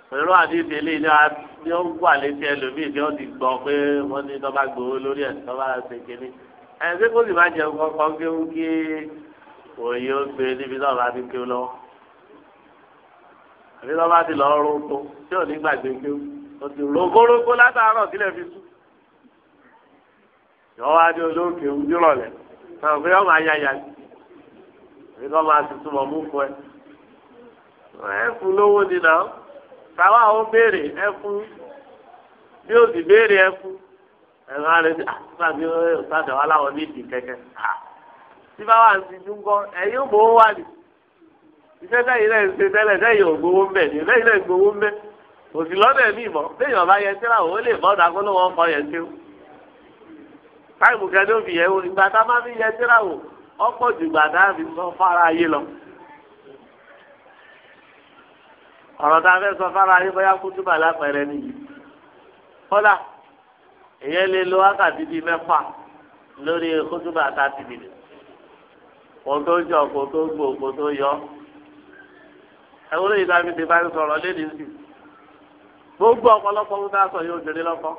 pẹ̀lú àdìsí ilé ilé ni ó ń wà létí ẹlòmíì tí ó ti gbọ́ pé wọ́n ní tó bá gbowó lórí ẹ̀ tó bá ṣe kínní. ẹ̀ ṣé kó sì má jẹun kankan kí ó kí òye ó gbé níbi náà àbí lọ́ba ti lọ roko tí ò ní gbàgbé pé o ti rogoroko látàárọ̀ sílẹ̀ fi sùn. ìwọ́n wá dé olóòkè ojúrọ̀lẹ̀ sọ̀rọ̀ pé ọmọ ayáyá ni àbí kọ́ máa ti túmọ̀ mú fún ẹ. ẹ fún lówó ni nà ó tàwa ó béèrè ẹ fún bí ó sì béèrè ẹ fún ẹ máa retí ah, àtúntàbí ó sàdéwálá wọn ní ìdí kẹ̀kẹ́. Ah. tí bá wà sí dúńkọ́ ẹ yóò bó wà ní iṣẹ́ sẹ́yìn náà ń ṣe tẹ́lẹ̀ sẹ́yìn ò gbowó mbẹ́ ni lẹ́yìn náà ń gbowó mbẹ́ kò sí lọ́dẹ̀ mí mọ́ lẹ́yìn ọba yẹn síra òun lè mọ́ ọ̀dà kóló wọn kọ yẹn sí o táìmù kẹ́ni ó fi yẹn o ìgbà tá a máa fi yẹn síra o ọ̀pọ̀ jù gbà tá a fi sọ fara ayé lọ. ọ̀rọ̀ tá a fẹ́ sọ fara ayé bóyá kú túbà lápẹ̀rẹ̀ nìyí. kọ́lá èyàn lè lo wákàtí bíi mẹ́fà lórí kútùbà tá a ti bìlẹ̀ kò tó jọ kò tó gbò kò tó yọ ẹ̀wọ́n lóye tá a fi ti bá ń sọ̀rọ̀ léde sí gbogbo ọ̀pọ̀lọpọ̀ ń sọ yóò dèrè lọ́kọ́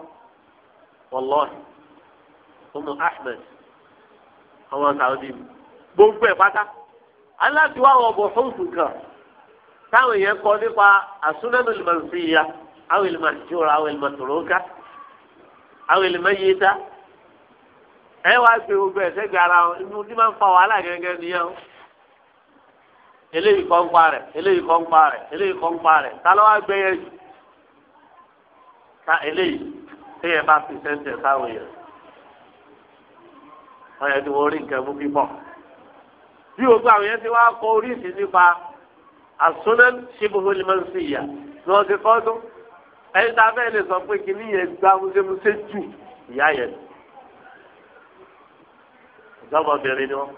wọlọ́ọ̀hì ọmọ ahmed ọmọ saudi gbogbo ẹ̀ pátá aláàtiwá àwọn ọ̀bọ̀ fúnfún kan táwọn èèyàn kọ nípa àsúnánù ìmọ̀nsíya àwọn ìlmọ̀jọ́ra àwọn ìlmọ̀tòrókà àwọn ìlmọ̀yẹta ẹ wá gbé gbogbo ẹ̀ sẹ́gbẹ̀ẹ́ ara wọn inú ní máa ń fa wàhálà gẹ́gẹ́ nìyẹn eléyìí kọ́ ń pa rẹ̀ eléyìí kọ́ ń pa rẹ̀ eléyìí kọ́ ń pa rẹ̀ ta ló wá gbé yẹn jù ta eléyìí tí yẹn bá fi sẹ́ńtẹ̀ sáwọn èèyàn wọ́n yẹ kí wọ́n rí nǹkan mú bíbọ̀ bí gbogbo àwọn yẹn ti wá kọ oríṣi nípa àsúná ṣibúhulimọ́síyà ni wọ́n ti kọ́ tó ẹni tá a bẹ́ẹ̀ lè sọ pé kìíní yẹn gba musemuse jù ìyá yẹn ìjọba obìnrin ni wọ́n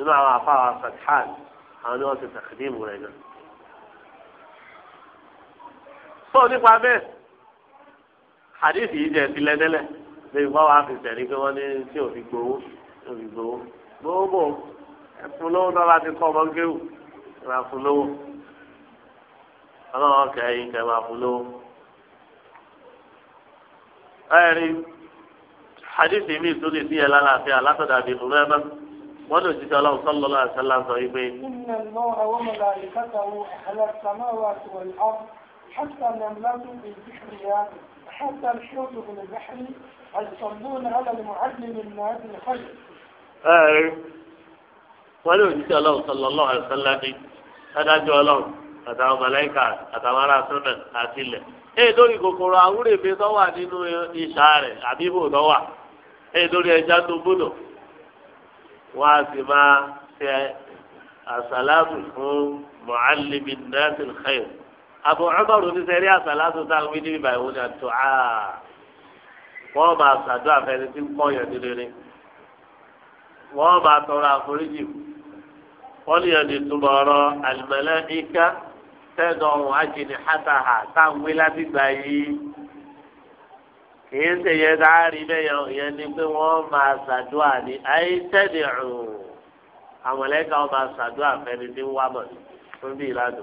nínú àwọn afáwà fathan àwọn ni wọ́n ti tàkìdíìmù rẹ̀ náà. sọ nípa bẹ́ẹ̀ hadith yìí jẹ́ ìpìlẹ̀ tẹ́lẹ̀ lè wá wàá fi tẹ̀lé pé wọ́n ní tí ò fi gbowó ò fi gbowó gbogbo ẹ̀fún lówó náà bá ti kọ́ ọmọ géwù ẹ̀fún àfún lówó ọlọ́wọ́ kẹ́yìn kẹ́ máa lówó. ẹ̀rí hadith mi tó lè ẹ̀ lálàáfíà látọ̀dà bíi fún mẹ́fà wọ́n lò títí ọlọ́run sọ́lọ́ lọ́wọ́ àṣálà sọ wípé. حتى النملة في سحرها حتى الحوت في البحر يصلون على المعلم الناس الخير. آه. ولو إن الله صلى الله عليه وسلم adájọ́ ọlọ́run àtàwọn mọ̀lẹ́kà àtàwọn ará súnà àti ilẹ̀. èyí lórí kòkòrò àwúrèbé tó wà nínú ìṣà rẹ̀ àbíbò tó wà èyí lórí ẹja tó gbódò wọ́n á sì máa ṣe àṣàlátù fún mọ̀álìmí nàásì xẹ́yìn. àbò ọmọrù ní sẹ́rí àṣàlátù táwọn wíńdí bíbá ìwọ́n ní àtọ́ á wọ́n máa ṣàdúrà fẹ́ni tí ń kọ́yàn nílé wọ́n máa tọrọ àforíjì wọ́n yàn túbọ̀ ọ̀rọ̀ àlùmọ́lẹ́ ìka tẹ́ẹ̀dọ̀ ọ̀hún ajínì hátáhà táwọn wí láti gbà yìí. kìí ṣe yẹn tá a rí bẹ́yẹn yẹn ni pé wọ́n máa ṣàdúrà ní ayé tẹ́lẹ̀ ọ̀hún àwọn ẹlẹ́ka wọn máa fẹ́ni tí ń wá bọ̀ fún bí ìlànà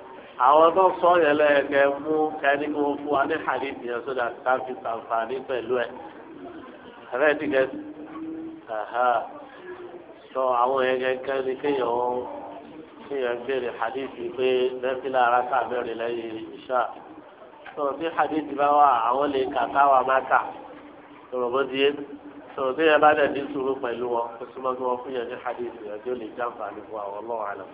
àwọn tó sọ yẹn lẹ́ẹ̀kẹ́ mú kẹ́ni kó fún wa ní hadith yẹn sódà ká fi sàǹfààní pẹ̀lú ẹ̀ ẹ̀rẹ́ ti kẹ́ sọ àwọn yẹn kẹ́kẹ́ ni kéèyàn kéèyàn béèrè hadith pé lẹ́fílà ara ká mẹ́rin lẹ́yìn ìṣá sọ tí hadith bá wà àwọn lè kà káwa má kà sọ̀rọ̀ bó ti yé sọ̀rọ̀ tí yẹn bá dẹ̀ ní sùúrù pẹ̀lú wọn kó súnmọ́ kí wọ́n fún yẹn ní hadith yẹn tó lè jàǹfààní fún àwọn ọlọ́wọ́ àlọ́.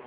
那。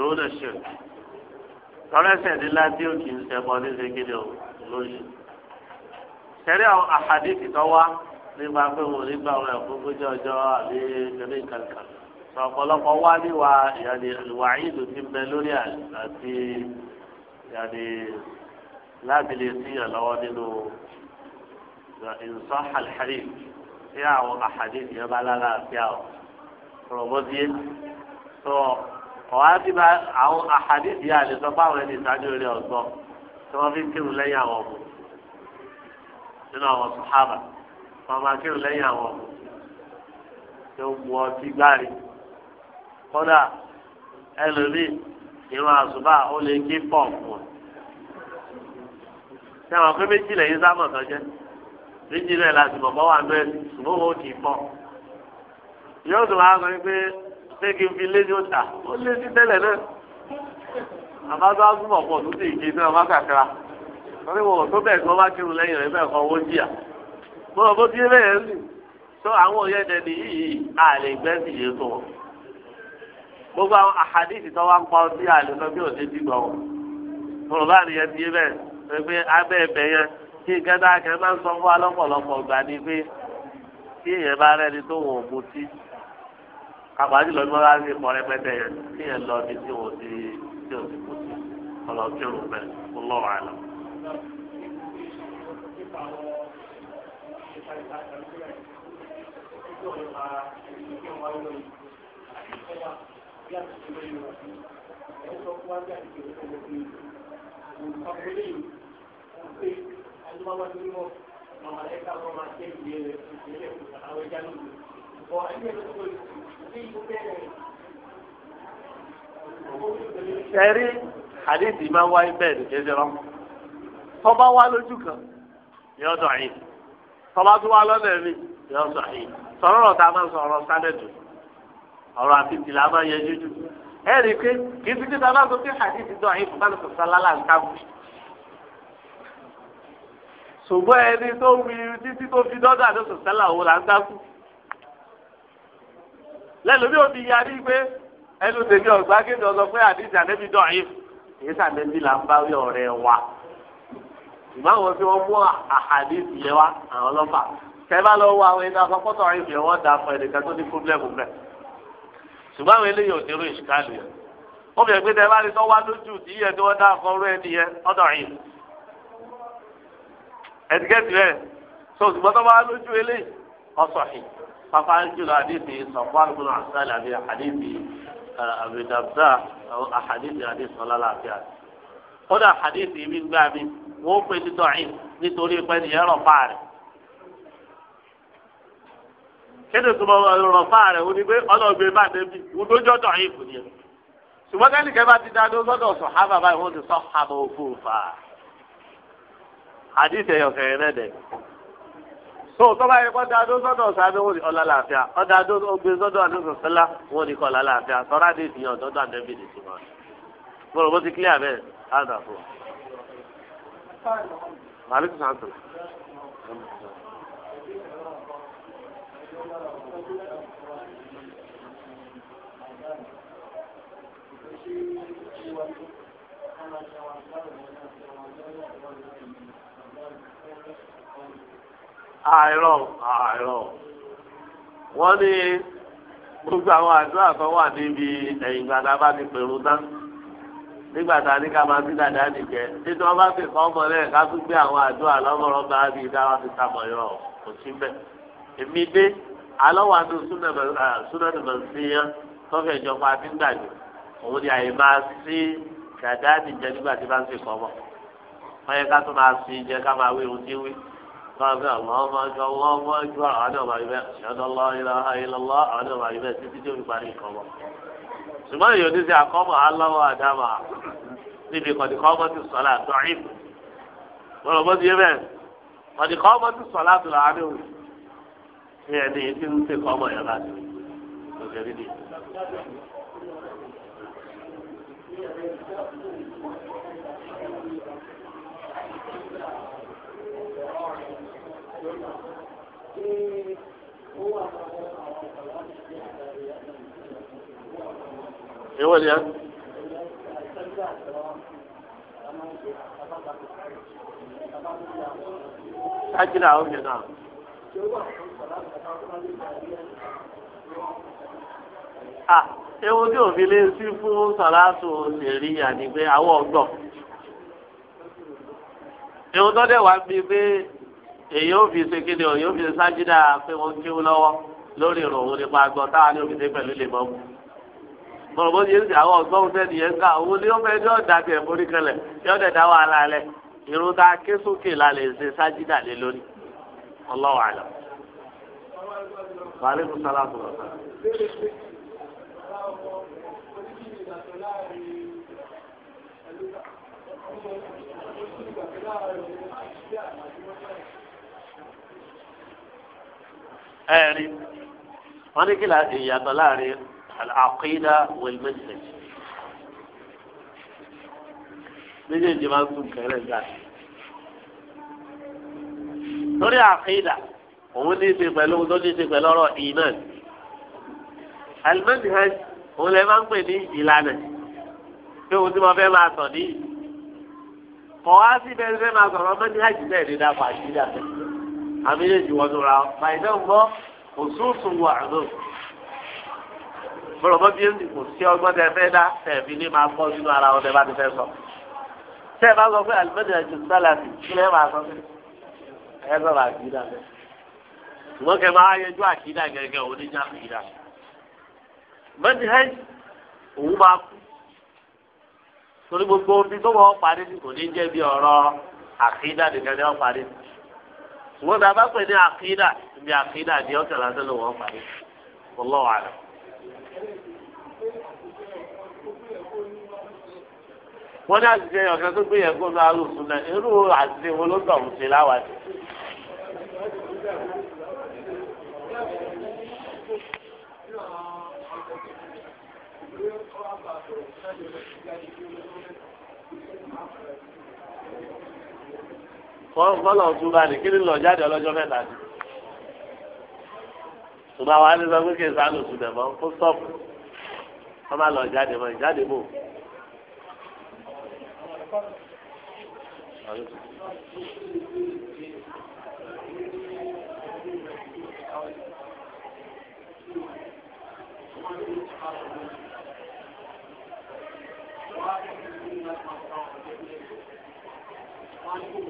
dòwó lè ṣe tọ́lẹ́sẹ̀ nílá tí ó kì í ṣẹ̀bọ̀ ní ṣègidì ò lóṣù. sẹ́rí àwọn àhàdìsì tó wá nípa pé wọn ò ní gbà wọn ẹ̀kú gbójú ọjọ́ àbí eré kankan. sọ ọ̀pọ̀lọpọ̀ wá níwà ìyàdì wàhídù ti bẹ lórí àti ìyàdì láti lè sí ìyànlọ́wọ́ nínú ìsọ́ àlẹ́rì tí àwọn àhàdìsì yẹn bá lálàáfíà ọ̀ rọ̀bọ́díé tó ọ̀há ti bá àwọn àhàdìsí àlesọ fáwọn ẹni ìsájú rẹ̀ ọ̀sọ́ tí wọ́n fi ń kírun lẹ́yìn àwọn ọ̀mù nínú àwọn sùhábà wọ́n máa kírun lẹ́yìn àwọn ọ̀mù tí ó mu ọtí gbáre kódà ẹlòmíì ìrún àṣùbà ó lè kí pọ̀ǹpù wọn. ṣé àwọn pé méjì lẹ́yìn sámọ̀ tó jẹ́ méjì náà láti mọ̀ bọ́ wà ń ṣùgbọ́n wọn kì í pọ̀ yóò tún wá sọ pé ṣé kí n fi lé ní ọjà ó lé sí tẹ́lẹ̀ náà àbájọ agúnmọ̀ pọ̀ tó ti ìdí náà má kàkàrà torí wọn ò tó bẹ́ẹ̀ kí wọ́n bá kírun lẹ́yìn rẹ̀ bẹ́ẹ̀ kọ́ owó jìyà mo rò bó ti bẹ́ẹ̀ ń lù tó àwọn òye ẹ̀dẹ̀ni yìí a lè gbẹ́ sí iye tó wọn gbogbo àwọn àhàdìsì tó wá ń pa ọtí àlè sọ bí òde dìgbà wọn mo rò bá nìyẹn ti bẹ́ẹ̀ pé abẹ́ ẹ̀bẹ̀ yẹn kí nǹkan dáa kẹ́ máa ń sọ fún wa lọ́pọ̀lọpọ̀ gbà ni pé tí èèyàn bá rẹ́ni tó wọ̀ ọ́ àpàdé lọ ní wọn bá rí ikọ rẹpẹtẹ yẹn kí yẹn lọ bí tí wọn ti tí wọn ti kú sí ọlọ kírun bẹ́ẹ̀ kó lọ wà lọ ẹ̀rí àdéhìí máa ń wáyé bẹ́ẹ̀ ní kéde rán tọ́ba wá lójú kan yóò dọ̀ yìí tọ́ba tó wá lọ́nà ẹ̀mí yóò dọ̀ yìí sọ̀rọ̀ tá a máa ń sọ ọ̀rọ̀ sálẹ̀dù ọ̀rọ̀ àti ìtìlá máa ń yẹ jújù ẹ̀rí pé kì í ti dídá bá sọ pé àdéhìí dọ̀ yìí fún bá lọ́sọ̀ sálálà ń kábù ṣùgbọ́n ẹni tó wí títí tó fi dọ́dọ̀ àdéhìí sọ̀ òun là ń kábù lẹ́nu bí o ti yarí pé ẹnu tèmi ọ̀gbá kéde ọ̀sọ̀ pé àdìsí ànẹ́bí dọ̀yìn èyí sànẹ́bí là ń bá wí ọ̀rẹ́ wa ìgbà wọn tí wọ́n mú àhàdìsí yẹn wá àwọn ọlọ́pàá tẹ́lá lọ wọ àwọn ẹni afọ́pọ́tọ̀ ọ̀rẹ́ ìfẹ́ wọn dà fún ẹnìkan tó ní pọ́blẹ́mù rẹ̀ ṣùgbọ́n àwọn eléyìí ò ní irú ìṣìkàlù yẹn ó fi ẹgbẹ́ tẹ́lá ní tọ́wá lójú tí yẹ kí wọ́n dá fọ́rọ́ ẹni yẹn ọ̀dọ̀ yìí ẹ̀dígẹ́tì rẹ̀ sọ ṣùgbọ́n lójú eléyìí ọ̀sọ̀ yìí pàápàá jùlọ àdìsí sọ̀kọ́ àgbọ̀nà àṣàlẹ̀ àbí àdìsí àbìdàbdà àdìsí àdìsí ọlọ́láàfíà. kódà àdìsí mi gbá mi wọ́n pè títọ́ ìn nítorí pé nìyẹn rọ̀ fáà rẹ̀. kéde tó rọ̀ fáà rẹ̀ wọ́n ni pé ọlọ́ọ̀gbẹ́ bá débi wọ́n tó jọ́ tọ̀ ìn fún yẹn. ṣùgbọ́n kẹ́nìkẹ́ bá ti dáadó sọ́dọ̀ sọ̀hábà báyìí wọ́n ti sọ̀hábà òfurufà. àdìsí ẹ̀yọ̀kẹ́ rẹ̀ dẹ̀ tó tọ́ba yẹ kọ́ dáadó sọ́dọ̀ sábẹ́ wọn ni ọ̀la làáfíà ọ̀dáadó ogbe sọ́dọ̀ àdóso sẹ́lá wọn ni kọ́la làáfíà tọ́ra dé ìdíyàn ọ̀dọ́dọ̀ àdẹ́bí ni tìmọ̀ rẹ̀. mo rò bó ti kílíà bẹ́ẹ̀ ádà fún wa. maaleykum santo. Thank you. àìrọ̀ àìrọ̀ wọ́n ní gbogbo àwọn àdúrà kan wà níbi ẹ̀yìn gbàdá bá ti pèrú tán nígbà tá a ní ká máa bí dàda nìjẹ títí wọn bá fi kọ́ ọmọ náà ká tún gbé àwọn àdúrà lọ́mọ́rọ́ bá bí dáwà fi sàmọ̀ yọ kò sí bẹ́ẹ̀. èmi dé alọ́wọ́ àti súnẹ́nì mọ̀síyán tọ́fẹ̀ ìjọba àti òun ni àyè máa sí dàda nìjẹ nígbà tí bá ń fi kọ́ ọmọ. wọ́n yẹ ká tún máa sí jẹ ká máa wí ohun tí káfí àwọn ọmọ ẹjọ́ wọn ọmọ ẹjọ́ àwọn ọmọ èwo ni ẹ. sájìlá oúnjẹ náà. ah ewu tí òfin lè sí fún sàlátù nàìjíríà ni pé àwọn ọgbọ́n ewu tó dẹ̀ wá bíi pé. èyí ó fi ṣe kíni o yóò fi ṣe sájídà pé wọ́n kéwú lọ́wọ́ lórí ìròhùn nípa táwa ní òfìsè lè ń àwọn ọ̀gbọ́n sẹ́ni yẹn ká òun ni ó fẹ́ ní ọ̀dà tiẹ̀ mórí kẹlẹ̀ ní ọ̀dà dá wàhálà rẹ̀ irun ké sókè la lè ṣe sájídà lé lórí ọlọ́wà lọ. ẹ̀rí wọ́n ní kí la ìyàtọ̀ láàrin àkídà wẹ̀lmẹ́sẹ̀ méjèèjì máa ń tún kẹrẹ́ gbà. lórí àkídà òun ní í ṣe pẹ̀lú ohun tó ní í ṣe pẹ̀lú ọ̀rọ̀ ìmán alimẹ́ntìhẹ́n òun lè máa ń pè ní ìlànà pé ohun tí mo fẹ́ máa sọ ní kọ̀ wá síbẹ̀ fẹ́ máa sọ̀rọ̀ mẹ́ntìhẹ́n bẹ́ẹ̀ ní dáko àkídà fẹ́ àmì èjì wọn tó ra ọ báyìí náà gbọ́ òṣùṣùn wà ló bọlọ bọbi ẹni kò sí ọgbọ́n tẹ fẹ́ dá tẹbi ní máa gbọ́ nínú ara wọn tẹ bá ti fẹ́ sọ tẹ ẹ bá sọ pé alimẹdì ẹjọ sálàtì kí lẹ máa sọ pé ẹ sọ máa kí dà bẹ́ẹ̀ ṣùgbọ́n kẹ máa yẹjú àkídà gẹ́gẹ́ oníjà àkídà mẹdì hẹj òun máa kú torí gbogbo omi tó wọ́n parí kò ní jẹ́ bí ọ̀rọ̀ àkídà nìkan ni wọ́n parí sí. ṣùgbọ́n tá a bá pè ní àkídà ibi àkídà ni ọ̀kẹ́ lásán ló wọ́n parí ọlọ́wà rẹ̀. wọ́n ní àṣìṣe ọ̀kẹ́ tó gbé yẹn alùpùpù náà irú ló láwàdí. Thank you. kọ́lọ̀ tún bá ní kíni lọ jáde ọlọ́jọ́ mẹ́ta ni. tùmọ̀ àwọn àti sọ pé kí n sá lò sùdẹ̀ kó sọ́ọ̀pù wọ́n má lọ jáde mọ́ ìjáde mọ́. Thank you.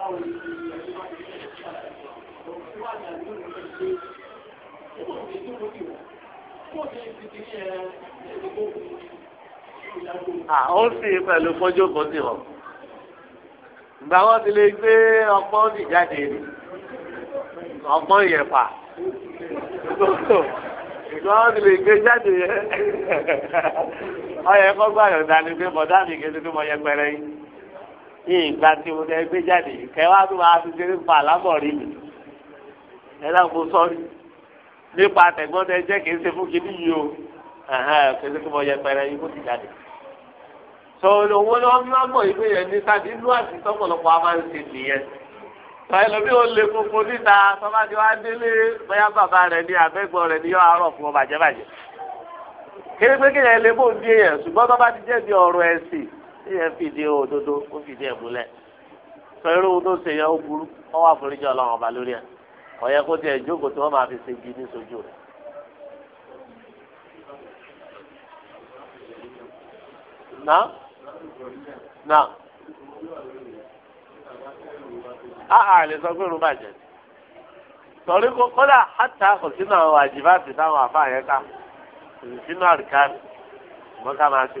ó sì pẹ̀lú fọ́jọ́ kan sí wọn. ìgbà wọn ti lè gbé ọpọ́n sì jáde ni ọpọ́n ìyẹ̀fà ìgbà wọn ti lè gbé jáde yẹn ọyẹ kọ́gbà yọ̀ǹda ni pé bọ̀dá mi kì í mọ yẹpẹrẹ yìí ìgbà tí mo tẹ́ gbé jáde kẹwàá tó máa fi ṣeré pa àlámọ̀rí mi ẹ náà mo sọ́rí nípa àtẹ̀gbọ́n tẹ jẹ́ kì í ṣe fún kìíní yìí o kì í ṣe fún ọyẹ pẹrẹ yìí kó ti jáde. sọ òun ni wọn máa mọ ìwé yẹn ní sáàdì inú àti tọ̀pọ̀lọpọ̀ a máa ń ṣe nìyẹn. sọ ẹlòmíì ó lè koko níta tọ́ba tí wàá délé bóyá bàbá rẹ̀ ní abẹ́gbọ́n rẹ̀ ní yọ àárọ̀ fún ọ bàjẹ́ bàjẹ́. kéré pé kéèyàn lè bóun dé yẹn ṣùgbọ́n tọ́ba jẹ́ bí ọ̀rọ̀ ẹ̀sìn yẹn fìdí òdodo ó fìdí ẹ̀ múlẹ̀ sọ irú ohun tó ṣe yẹn ó burú ọwọ́ àforíjì ọlọ́run ọba lórí ẹ̀ ọ̀yẹ́ kó tiẹ̀ jókòó tí wọ́n máa fi ṣe jí ní sojú rẹ̀. na na a a lè sọ pé irun bàjẹ́ sọ̀rí kó kódà hàtà kò sínú àwọn àjìbáàtì táwọn àfáà yẹn ká sínú àríkà mọ́ká máa ṣe.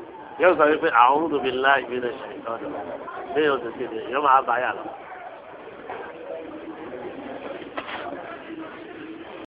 yóò sọ wípé àwọn ọmọdé láì gbé lè ṣe ìtọ́jú lẹ́yìn oṣù tí yóò máa bá yà lọ.